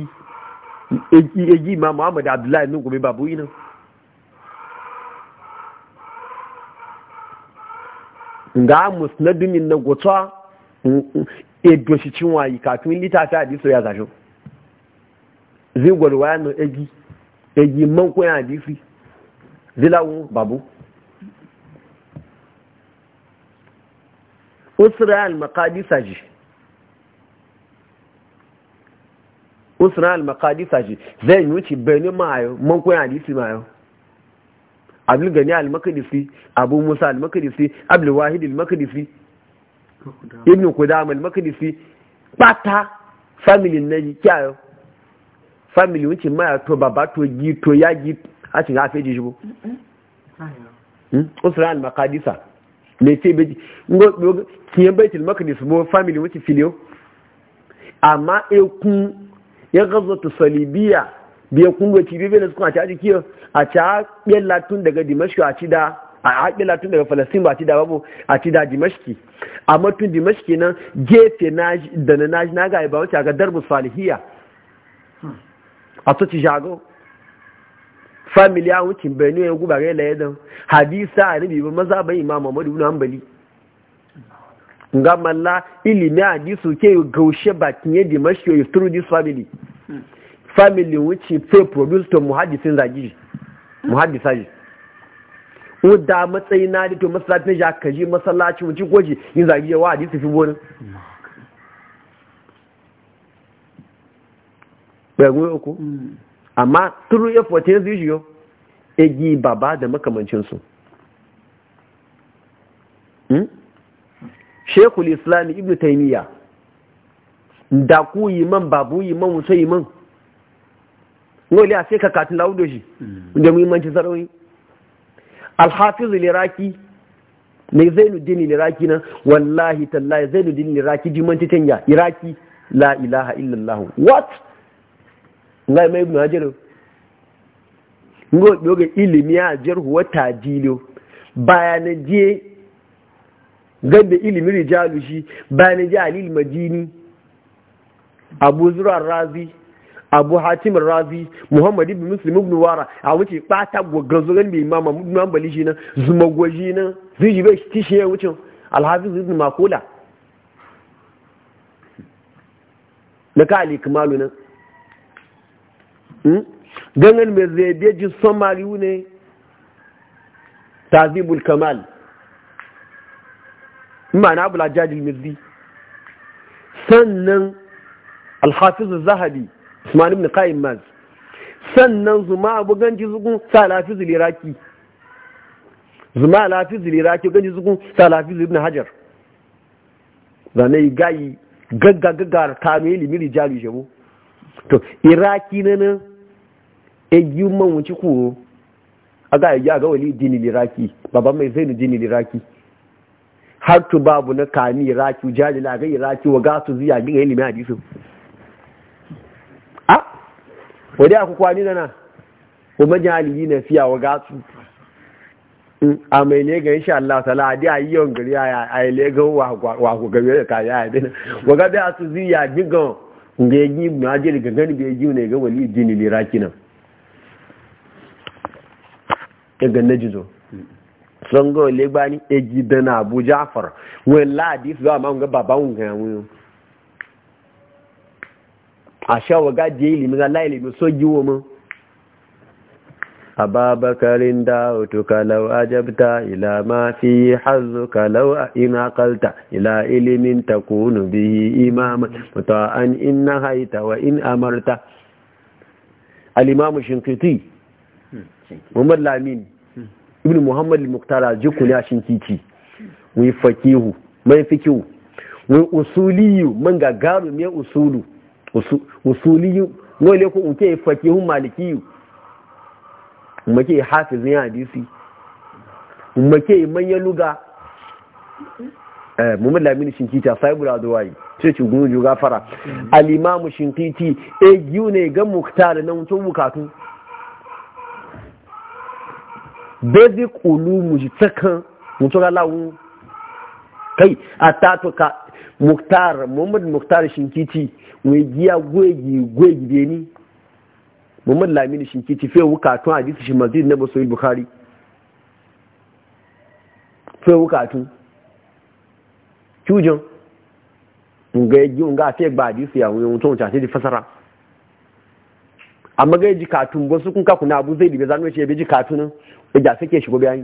yìí èyí ma muhammad abdullahi ní ògùnmí bàbú yìí náà ga musnadumin na gotsa edo shi cin wayi kafin litafi hadisu ya zasho zai gwarwa na egi egi man koyan hadisi zilawo babu usra al-maqadisa ji usna al maqadisa ce, zai wuce bani mayo man koyan hadisi mayo abdul gani al makdisi abu musa al makdisi abdul wahid al makdisi ibn qudam al makdisi pata family na naji kyayo family wuce maya to baba to gi to ya gi a cin afi hmm? ji shibo usna al maqadisa ne ce beji ngo kiyan baitul maqdis mo family wuce filio amma ekun ya ta salibiya biya kungo ci biyar da suka ci aji kiyo a ci haƙƙin tun daga dimashki a ci da a haƙƙin tun daga falasin ba a ci da babu a ci da dimashki amma tun dimashki nan gefe da na naji na gaya ba a ga darbus falihiya a to ci shago family ya wucin bai ne ya guba rai laye don hadisa a nabi ba maza bai imama muhammadu ibn hambali nga malla ilimi hadisu ke gaushe bakin yadda mashi yoyi through this family hmm. family wuce fe produce to muhaddisin zagiri muhaddisa ji da matsayi na da to masallaci ya kaji masallaci wuce goji yin zagiri wa hadisi fi bonin ɓagun uku hmm. amma through effort yanzu yi egi baba da makamancinsu hmm? shekul islami ibn taimiyya da ku yi man babu yi man wuce yi man wani a sai ka na laudo shi mm. da muhimmancin sarauni alhafiz liraki ne zainuddin liraki nan wallahi tallahi zainuddin liraki jimanci canja iraki la ilaha illallah what ngai mai ibn hajar ngo doge ilimi a jarhu wata jilo bayanan je gadda ilimin rijalu shi na ji alil majini abu zurar razi abu hatim razi muhammadu bin muslim ibn wara a wuce bata gogan zo gan bai imama ibn hanbali shi nan zumagwaji gwaji nan zai ji bai kishi ya wucin alhafiz ibn makula na ka ali kamalu nan hmm? gangan mai zai beji samari ne tazibul kamal ma'ana abu lajajil mizzi sannan alhafiz zahabi usman ibn qayyim maz sannan zuma abu ganji zugun sa lafiz liraki zuma lafiz liraki ganji zugun sa lafiz ibn hajar zane gayi gagga gagga ta mai ilimi rijalu jabo to iraki na nan egi man wuce kuro aga ya ga wali dini liraki baban mai zainu dini liraki har tu babu na raki, iraki jajila ga iraki wa gasu ziya ga ilimin hadisu a wadda aku kwani na, kuma yi na fiya wa gasu mm, a mai ne ga insha Allah Sala, a yi yawan gari a yi le wa ku ko gabe da ya a dana wa ga da su ziya diga nge gi ma je ga gani be gi na ga wali jini liraki nan ga jizo sango le gbani eji dana abu jafar wen ladi su ma nga baban ga mu a sha waga je ilimi ga la ilimi so jiwo mu ababakarin da utuka law ajabta ila ma fi hazzuka law ina qalta ila ilimin takunu bihi imama muta'an inna haita wa in amarta al-imam shinkiti hmm, Muhammad Lamini ibn muhammad al-muqtar al-jikuni shin shinkici wai fakihu mai fikihu wai usuliyu man ga garu mai usulu usuliyu wai le ko kai fakihu malikiyu umake hafizin hadisi umake manyan luga eh, muhammad lamini shinkiti a saibul adwai sai ci gunu gafara al-imamu shinkiti eh giyu ne ga muktar nan tun bukatu basic ulumu ji tsakan mutura lawu kai a ka, muktar muhammad muktar shinkiti mai giya gwegi gwegi be ni muhammad lamini shinkiti fe wukatun hadisi shi masjid na basu bukhari fe wukatun cujon nga ga fe gba hadisi ya wuyon tun ta ti fasara amma ga ji katun ba su kun ka kuna abu zai dibe zanu ce bi ji katun da sake shigo bayan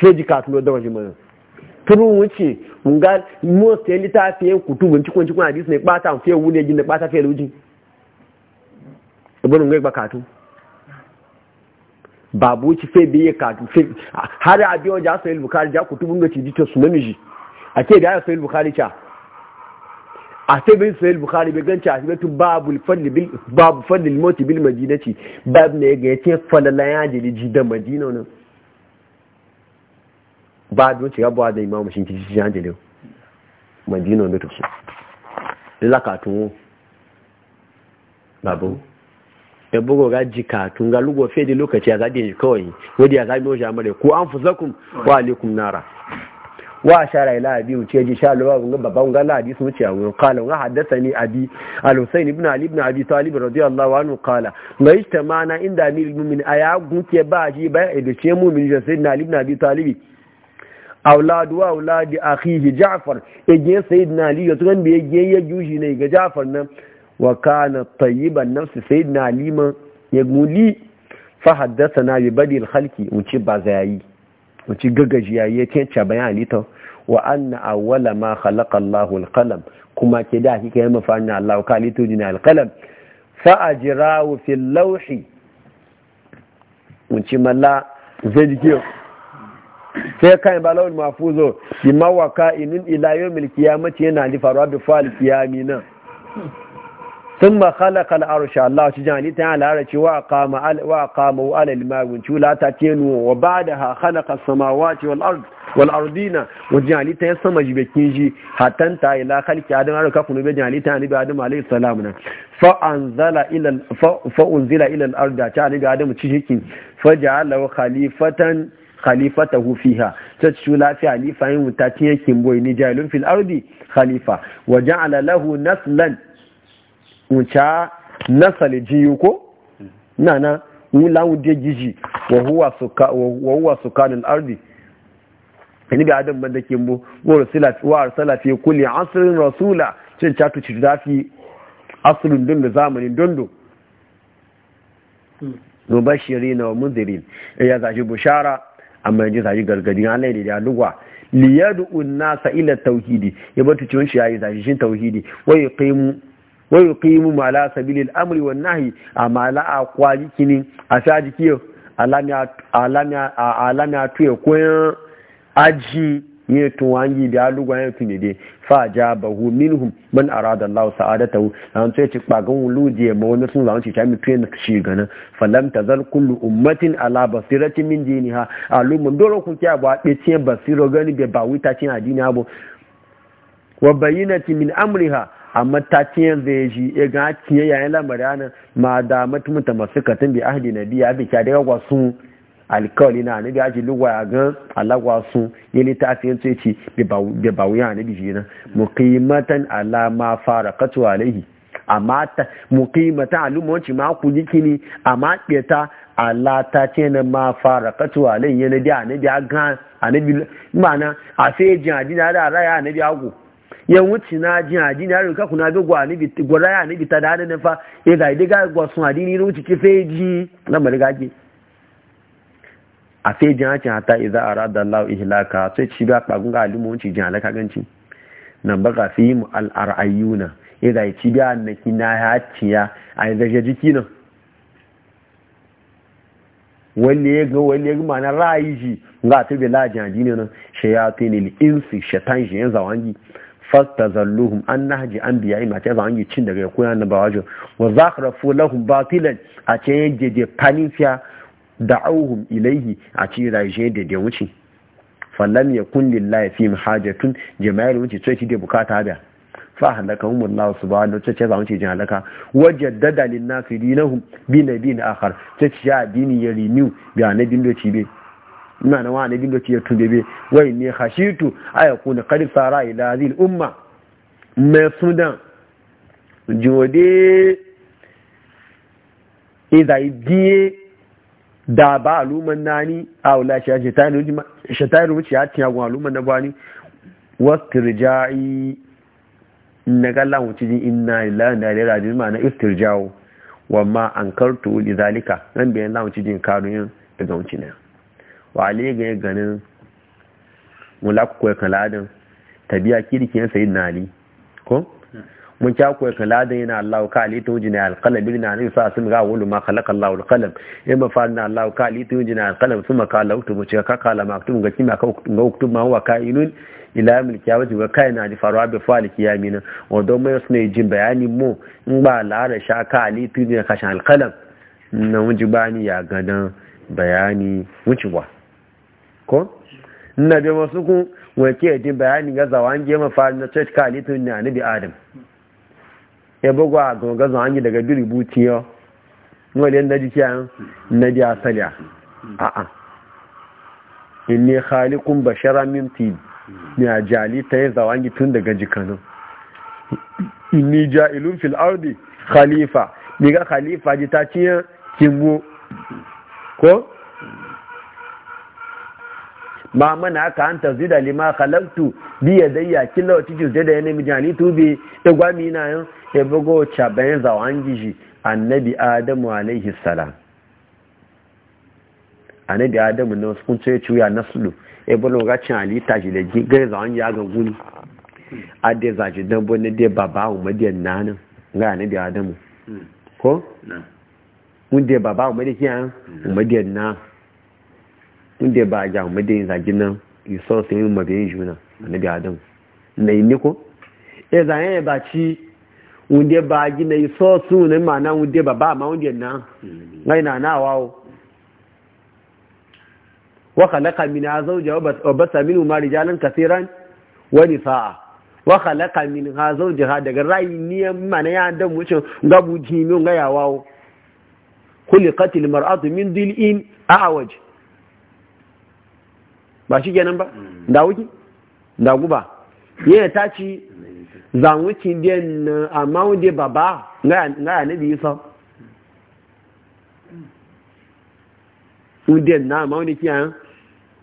sai ji katun da wajen mana turun wuce mun ga most ya litafi yan kutu mun kunci kun hadisi ne bata fiye wule gin da bata fiye luji ibn ngai ba katun babu ci sai biye katun har abi wajen sai bukari ja kutu bunga ci dito sunaniji ake da sai bukari cha a ta bin sayil bukhari bai ganci a tibetun babu fadil moti bil madina ce babu ne ga yace falala ya jeli ji da madina wani ba don ci gabawa da imamu shi ji an jeli madina wani to su lakatun wo babu ya bugo ga tun ga lugo fe da lokaci a zaɗe kawai wadda ya zaɗe wajen amare ko an fusakun wa alaikum nara wa shara ila abi wuce ji sha babu gunga baban ga ladi su wuce wurin qala wa haddathani abi al-husayn ibn ali ibn abi talib radiyallahu anhu qala ma ijtama'na inda amir mu'min aya guke ba ji ba da ce mu'min je sayyidina ali ibn abi talib auladu wa auladi akhihi ja'far eje sayyidina ali yato gan be je ya juji ne ga ja'far nan wa kana tayyiban nafs sayyidina ali ma ya guli fa haddathana bi badil khalqi mu ci ba zayi wace gagajiya ya kyanci bayan halittar wa anna awwala ma khalaqa Allahu al-qalam kuma ke da kike yi mafani Allahu kalitu jina al-qalam fa ajrahu fi al-lawhi mun ci zai jike sai kai ba lawul mahfuzo bi mawaka inin ila yawmil qiyamati yana li faruwa bi fa'al qiyamina sun ma halakal arusha Allah shi jani ta halara ce wa kama wa alal magun cula ta ke nuwa wa ba da ha halaka samawa ce wal ardina wa jani ta sama jibekin ji? hatan ta ila halki adam har ka kunu be jani ta nabi adam alayhi salam na fa anzala ila fa unzila ila al arda ta nabi adam ci hikin fa ja'ala khalifatan khalifatahu fiha ta ci lafiya halifa yin mutatin yankin boy ni jailun fil ardi khalifa wa ja'ala lahu naslan wuce nasali jiyu ko na na wula wude gizi wa huwa sukanin ardi ni ga adam banda ke mu wa arsala fi kulli asrin rasula cin chatu ci dafi fi asrin da zamanin dondo no hmm. bashiri na munzirin ya zaji bushara amma yanzu zaji gargadi Allah ne da lugwa liyadu nasa ila tauhidi ya batu ciwon shi yayi zaji shin tauhidi wa yuqimu wa yuqimu ma la al amri wan nahyi ama la aqwali kini asaji kiyo alamiya alamiya alamiya tuye koyan aji ne to wangi da lugwa ya tuni de fa hu minhum man arada Allah Sa'adatu. an sai ci pagan luje ma wani sun zan ci tami tuye shi gana falam tazal kullu ummatin ala basirati min diniha alumun dole ku kiya ba be tiye basiro gani be ba wita cin adini abu wa bayyinati min amriha amma ta yanzu ya shi ya ga ya yayin lamari ana ma da mutumin ta masu katin bi ahdi na biya bi kya daga wasu alkawali na anabi aji lugwa ya ga alagwa sun yi littafin sai ce da ba wuya bi shi na muqimatan ala ma fara katu alaihi amma ta muqimatan alumonci ma ku jikini amma keta ala ta ce na ma fara katu alaihi yana bi anabi ga anabi ma'ana a sai jin adina da raya anabi ago ya wuce na jin adini har ka kuna ga gwani bitti gwaraya ni bitta da hannun fa ya ga diga gwasun adini ne wuce ki feji na maliga ke a fejin hakin hata idza arada Allah ihlaka sai ci ba kpagun ga alimu wuce jin halaka ganci nan baka fi mu al arayuna ya ga ci ba na kina haciya a yanzu ya jiki nan wani ya ga wani ya ga ma'anar ra'ayi shi ga ta bi lajin adini nan shayatin il insi shaitan shi yan zawangi fasta zalluhum an haji an biya ima ta zan yi cin daga ya koya na bawajo wa zakhrafu lahum batilan a ce yaje jeje panifiya auhun ilaihi a ce raje da da wuce fallam yakun laifi fi hajjatun jama'ir wuce sai da bukata da fa halakahum Allah ba ta ce zan wuce jin halaka wajaddada lin na bi na na akhar ta ce ya dini ya renew bi anabin da bai ina na wani dinga ce tube be wai ne khashitu aya kuna qad sara ila hadhihi umma ma sudan jode idha biye da ba aluman nani a wala shi shaitan shaitan wuce ya tiya gun aluman na bani wastirja'i na galla wuce jin inna lillahi wa inna ilaihi raji'un ma'ana istirja'u wa ma ankartu lidhalika nan bayan lawo cijin karun daga wuce na wale ga ganin mulakukwai kaladin tabiya kirkiyar sayi na ali ko mun kya kuwa kaladin yana allahu ka ali ta wujina alkalam na nan sa sun ga wulu ma khalaqa allahu alkalam ya ma na allahu ka ali ta wujina alkalam sun maka allahu mace ka kala ma kutum ga kima ga kutum ma wa kainun ila mulki wati ga kai na faruwa bai fali kiyamin wa don mai sunai jin bayani mu in ba lara sha ka ali ta wujina kashin alkalam na bani ya gadan bayani wucewa ko na bi masu kun wake din bayani ga an jema fa na church tun ne anabi adam ya a ga ga an ji daga diributi yo le na ji kyan na ji asaliya a a inni khaliqun bashara min tin ni ajali ta an ji tun daga jikano inni ja'ilun fil ardi khalifa diga ga khalifa ji ta ciyan kinwo ko ba mana aka an tazida lima khalaqtu bi yadayya killa wa tiju da yana mijani jani tubi e gwami na yan e bugo chaben za wangiji annabi adamu alaihi salam annabi adamu ne wasu kun ce cuya naslu e bolo ga cin alita shi da gai za wangi ga guni a de za shi dan bone de baba mu madiyan nanan ga annabi adamu hmm. ko mun de baba mu madiyan mu hmm. inda ba a jamu da yin zagin nan iso sun yi mabiyin juna a nabi adam na yi niko ya eh, zayen ya baci wunde ba gina iso sun ne ma'ana wunde ba ba ma wunde na ngai na na wawo wa khalaqa min azwaja wa basa minhu ma rijalan kaseeran wa nisaa wa khalaqa min azwaja daga rayi ne ma na ya dan wucin gabu jimi ngai yawo khuliqatil mar'atu min dil'in a'waj ba shi kenan ba da wuki da guba ya ta ci zanwuci den na amma wunde baba na yanabi isa wunde na amma wunde kiyayen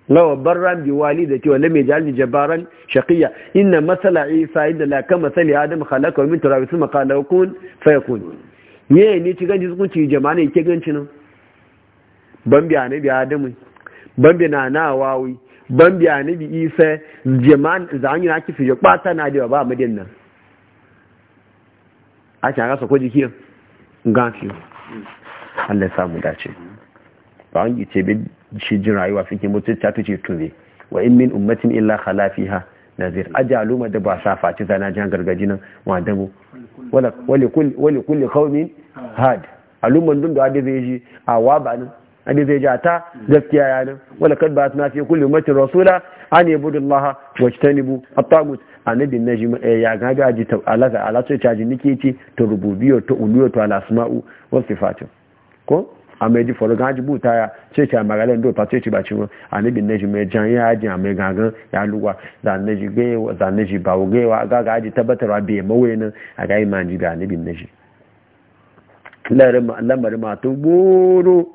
lawa barran bi walidati wa lam jali jabaran shaqiya inna masala isa inda la kama sali adam khalaqa min turab thumma qala kun fayakun ye ni ci ganji sun ci jama'a ne ke ganci nan ban bi anabi adam ban bi na nawawi ban biya ni bi isa jeman za an yi na kifi ya kwata na da ba madin nan a can rasa ko jikin gafi Allah samu dace ba an gice bi shi jin rayuwa fikin mutu ta tuce tunze wa in min ummatin illa khala ha, nazir ajaluma da ba sa faci zana jan gargaji nan wa damu wala kulli wali had alumman dun da da zai ji a wa ba nan hadis zai jata gaskiya yanin wala kad ba'at na fi kulli ummatin rasula an yabudu allaha wajtanibu at-tagut annabi najim eh, ya ga gaji ta alaka alaso caji nike ce to rububiyyo to uluyo to alasma'u wa sifatu ko a mai ji faru gaji buta ya ce ce a magalan do ta ce ci baci wa annabi najim mai jan ya ajin a mai gagan ya luwa zanaji gaiwa zanaji bawo gaiwa ga gaji tabbatarwa bai mawayin a ga imanji ga annabi najim lamarin ma to boro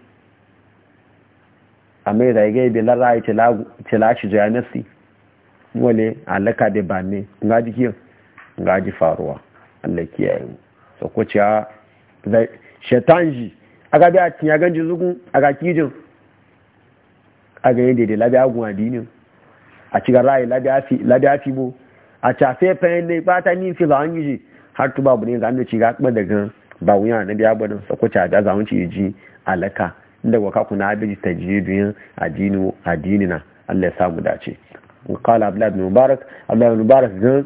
a mai rage bi lara ya ce lashi zuwa nasi wale alaka da ba nga faruwa allah kiyaye so ko ci ji aga bi a cinya zugun aga kijin aga daidai labi agun adini a cikin rayu labi afi bo a cafe fayin bata ni fi zawon yi har tuba bu ne ga kuma daga ba wuya na biya ji alaka inda wa kaku na abin tajidin adinu adinina Allah ya samu dace qala abdullah ibn mubarak abdullah ibn mubarak gan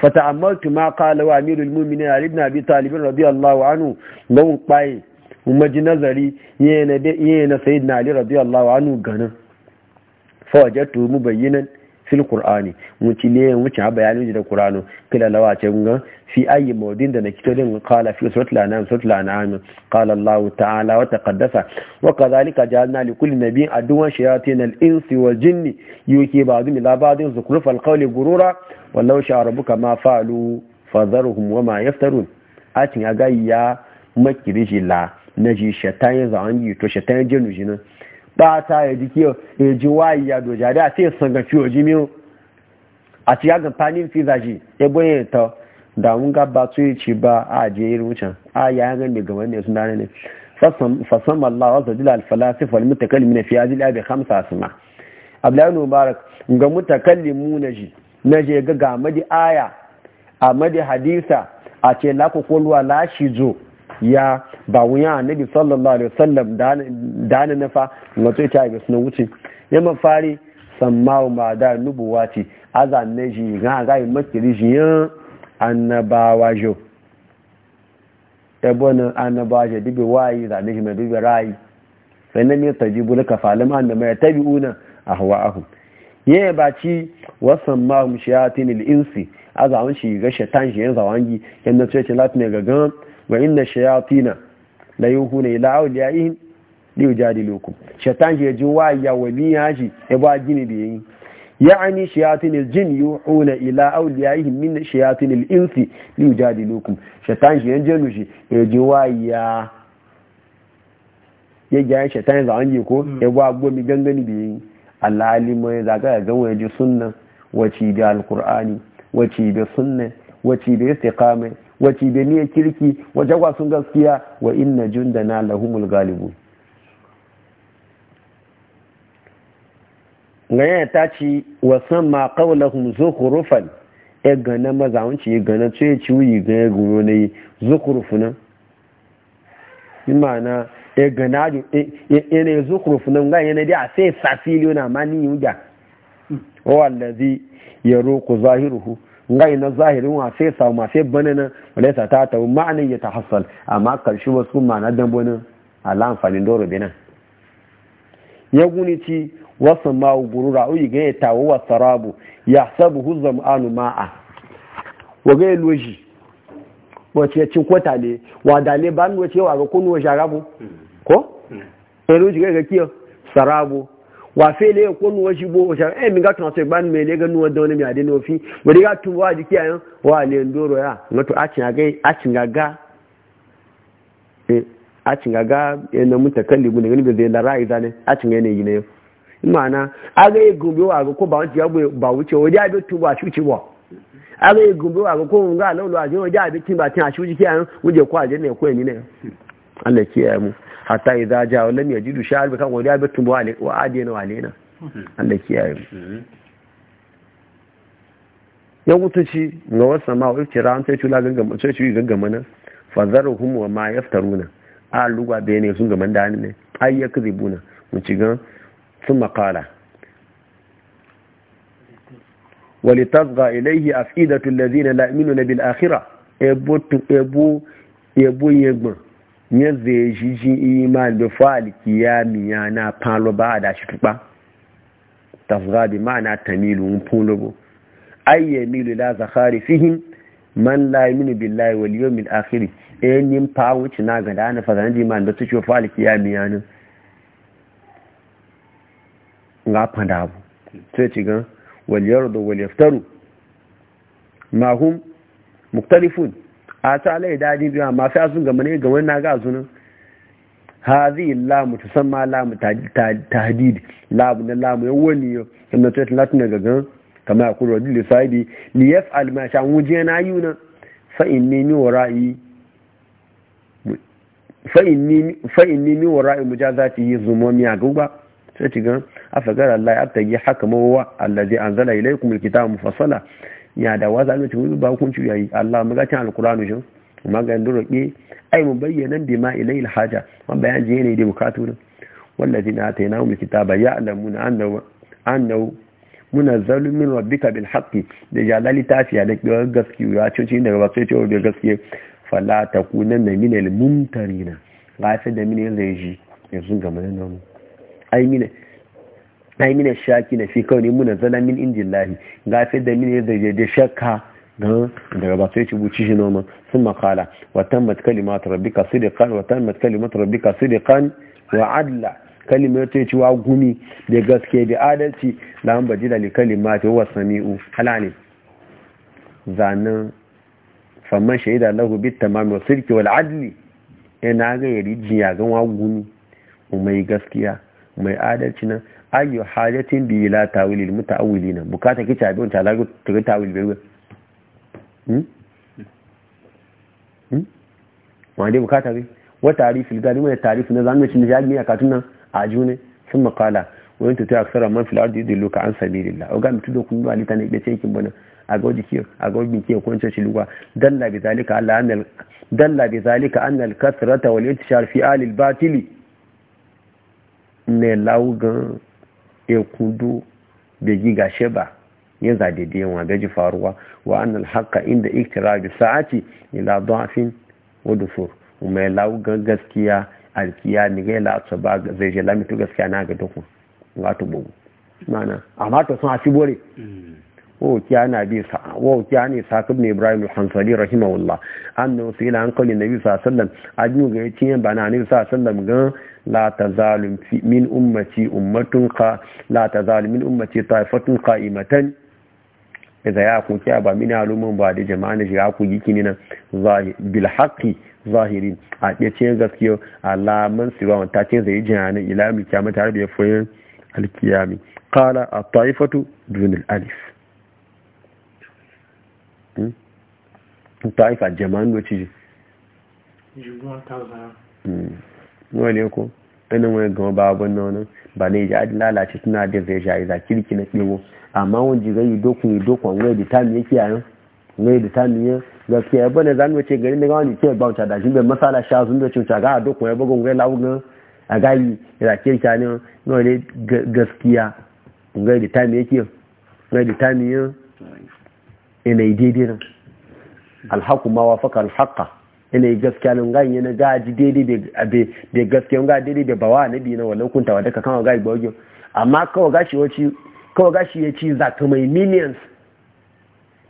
fata'ammaltu ma qala wa amirul mu'minin ali ibn abi talib radiyallahu anhu gon pai umaji nazari yana yana sayyidina ali radiyallahu anhu ganin fa wajadtu mubayyinan fil qur'ani mun ci ne mun ci ha bayanin da qur'ano kila lawa ce gunga fi ayi mawdin da nakito din qala fi suratul anam suratul anam qala allah ta'ala wa taqaddasa wa kadhalika ja'alna li kulli nabiyyin aduwan shayatin al insi wal jinni yuki min la ba'dhin zukhruf al qawli gurura wallahu sha'rabuka ma fa'alu fadharuhum wa ma yaftarun atin aga ya makirishi la na ji ya to shaitan ya je bata ya jiki kiyo ya ji wayi ya doja da sai san ga fiyo ji miyo a ci ga panin fi zaji e boye to da mun ga ba su ci ba a je irin wucin a ya ga ne gaban ne sun dane ne fasan Allah wa jila al falasif wal mutakallimin fi hadhihi al ayat khamsa asma abdullahi mubarak ga mutakallimu na ji na je ga ga madi aya a madi hadisa a ce la ko kolwa la shi zo ya ba wuya annabi sallallahu alaihi wasallam da na nafa wato ta ga suna wuce ya fari, sammawu ma da nubuwa ce azan ne ji ga ga yi makiri ji yan annabawa jo ebo nan annabawa jo dibe wayi da ne ji mai dibe rayi sannan ya tajibu laka falim an da mai tabi'una ahu ye ba ci wasan ma mushiyatin al-insi azan shi ga shaitan shi yan zawangi yan na ce ce latin ga gan wa inna shayatina la yuhuna ila awliyaihim li yujadilukum shi je ji wa ya wali ya shi e ba gini da ya yani shayatin aljin yuhuna ila awliyaihim min shayatin alinsi li yujadilukum shaitan je je lu shi e ji wa ya ya ga shaitan za an yi ko e ba gomi gangani da yayi alhalin za ka ga wani sunna wacce da alqur'ani wacce da sunna wace da istiqama wace da niyyar kirki wa kwasun gaskiya wa inna jundana lahumul galibu ganyen ta ci wasan ma kawalahun zukurufan ya e gana mazawunci ya e gana ce ya ci wuyi gane guro na yi zukurufu nan yi ma'ana ya gana aju yana zukurufu nan ga yana dai a sai safiliyo na mani yi wuga wallazi ya roƙo zahiruhu ngai na zahirin wa sai sa ma sai banana wala ta ta ta ma'anin ya tahassal amma karshe wasu ma'ana dan bonin ala amfanin doro bina ya guni ci wasu ma'u gurura uyi ga ta tawo wa sarabu ya sabu huzam anu ma'a wa ga loji wace ya cin kwata ne wa dale ba ni wace wa ga kunu wa sharabu hmm. ko sai hmm. loji ga ga kiyo sarabu wa fele ko nuwa shi bo o sha e eh, mi ga tun so ban me le ga nuwa don mi ade no fi ga tun wa di kiyan wa le ndoro ya ngato eh, eh, a cin ga a ga e a cin ga e na mutakallibu ne gani be da ra'ayi da ne a cin na ne yi ne mana a ga wa ba wanti ya ba wuce be wa nga be tin ba tin kiyan wuje ko hatta idza jaa lam yajidu sha'al bi kan wadiya bitum wa alayhi wa adina wa alayna Allah kiyaye mu mm-hmm. ya wutuci ga wasa ma iftira an sai tula gaggama sai ci gaggama nan fazaruhum wa ma yaftaruna a lugwa da ne sun gaman da ne ai ya kuzibuna mu ci gan sun makala wali tasga ilaihi afidatu allazina la yu'minuna bil akhirah ebo ebo ebo nye zai shi shi iman da faliki ya miya na palo ba da shi tuba tafsira bi ma'ana tamilu mun pulo ay milu la zakhari fihim man la yaminu billahi wal yawmil akhir en yin pa wuce na ga da na fara ji man da tuce faliki ya miya ne ga fanda bu sai ci gan wal yardu wal yaftaru ma hum muktalifun a ta lai daji biyu amma sai sun gama ne ga wani na ga sunan hazi lamu ta san ma lamu tahdid lamu na lamu ya wani yau na ta latin daga gan kamar ya kuro dili saidi li yaf al ma sha wuje na yi na fa inni ni wara'i fa inni fa inni ni wara'i mujazati yi zumumi a guba sai ci gan afagar Allah ya tagi haka mawa ilai anzala ilaykum alkitaba mufassala ya da waza ne cikin ba hukunci yi Allah mu ga cin alqur'ani shin amma ga ndoro ke ai mu bayyana da ma ilayil haja man bayan je ne da bukatu ne wallazina atainahum alkitaba ya'lamuna annahu annahu munazzalu min rabbika bil haqqi da jalali tafiya da gaskiya ya cin daga ba sai ce da gaskiya fala takunanna min al mumtarina ga sai da mine zai ji yanzu ga mun nan ai mine ai mina shaki na fi kawai muna zana min injin lahi gafe da mini da shakka don daga ba sai cibuci shi noma sun makala watan matkalimatu rabbika sidiqan watan matkalimatu rabbika kan wa adla kalimatu ya ci wa gumi da gaske da adalci da an baji da kalimatu wa sami'u halani zanen famman shaida lahu bit tamam wa sirki wal adli yana ga yari jiya ga wa gumi mai gaskiya mai adalci nan ayu hajatin bi la tawilil mutaawilin bukata kici abin ta lagu to tawil be hmm hmm wani bukata bi wa tarifil gani mai tarif na zamu cin jami'a a katuna ajune sun makala wani ta aksara man fil ardi yudillu ka an sabilillah o ga mutu kun ba ta ibe sai kin bana a ga wadi a ga wadi kiyo kun ce luwa dalla bi zalika allah annal dalla bi zalika annal kasrata wal intishar fi batili ne lawgan ekudu da giga sheba ya zadede yawa gaji faruwa wa annal haka inda iktirabi sa'ati ila dafin wadufur mai lawu ga gaskiya alkiya ni ga la to ba zai je lamitu gaskiya na ga dukun wato bugu mana amma to sun ashi bore o hmm. kiya bi sa o kiya ne sakib ne ibrahim al-hansali rahimahullah annu sila an qali nabi sallallahu alaihi wasallam ajnu ga yace bana nabi sallallahu alaihi wasallam ga la tazalu min ummati ummatun qa la tazalu min ummati taifatun qa'imatan idza ya ku kiya ba min alumun ba da jama'a ne ya ku yiki ne nan bil haqqi zahirin a ce gaskiya alaman sirwa ta ce zai jina ila mi kiyama tare da ya foyin alkiyami qala at-taifatu dun alif wani ko ɗanin wani gama ba abin nan ba ne ji adi lalace suna da zai shayi za kirki na ɗewo amma wani jiga yi dokun yi dokun wani da tamu yake yayin wani da tamu gaskiya ya bane zan wace gari na gawa ne ke bauta da shi bai masala sha sun da cuta ga dokun ya bugun gai lawugan a gayi za kirki ne wani gaskiya wani da tamu yake wani da tamu yi yanayi daidai nan alhaku ma wafaka alhaka ina yi gaskiya nan ga yana ga ji daidai da gaskiya ga daidai da bawa na biyu na wannan kunta wadda kama ga igba ogin amma kawai gashi gashi ya ci za ka mai millions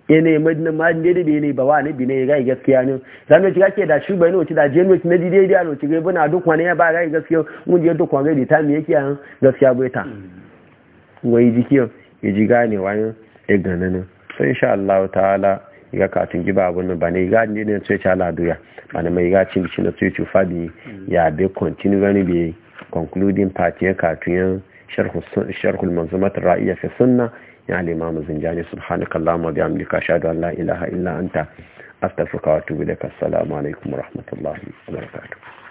yana yi madina ma daidai da yanayi bawa na biyu na ya ga gaskiya ne zanen ci kake da shi bayan wace da jenu na ji daidai a wace gaibu na duk wani ya ba ga gaskiya mun je duk wani da ta mi yake yan gaskiya bai ta wai ji kiyo ya ji ganewa yin ya gananin sai insha Allah ta'ala ga katun giba abun nan ba ne ga ni ne sai cha duya ba ne mai ga cin cin da sai ci fadi ya be continue gani be concluding part ya katun ya sharh sharh al-manzumat ar-ra'iyya fi sunna ya al-imam zinjani allahumma wa bihamdika ashhadu an la ilaha illa anta astaghfiruka wa atubu ilaik assalamu alaikum wa rahmatullahi wa barakatuh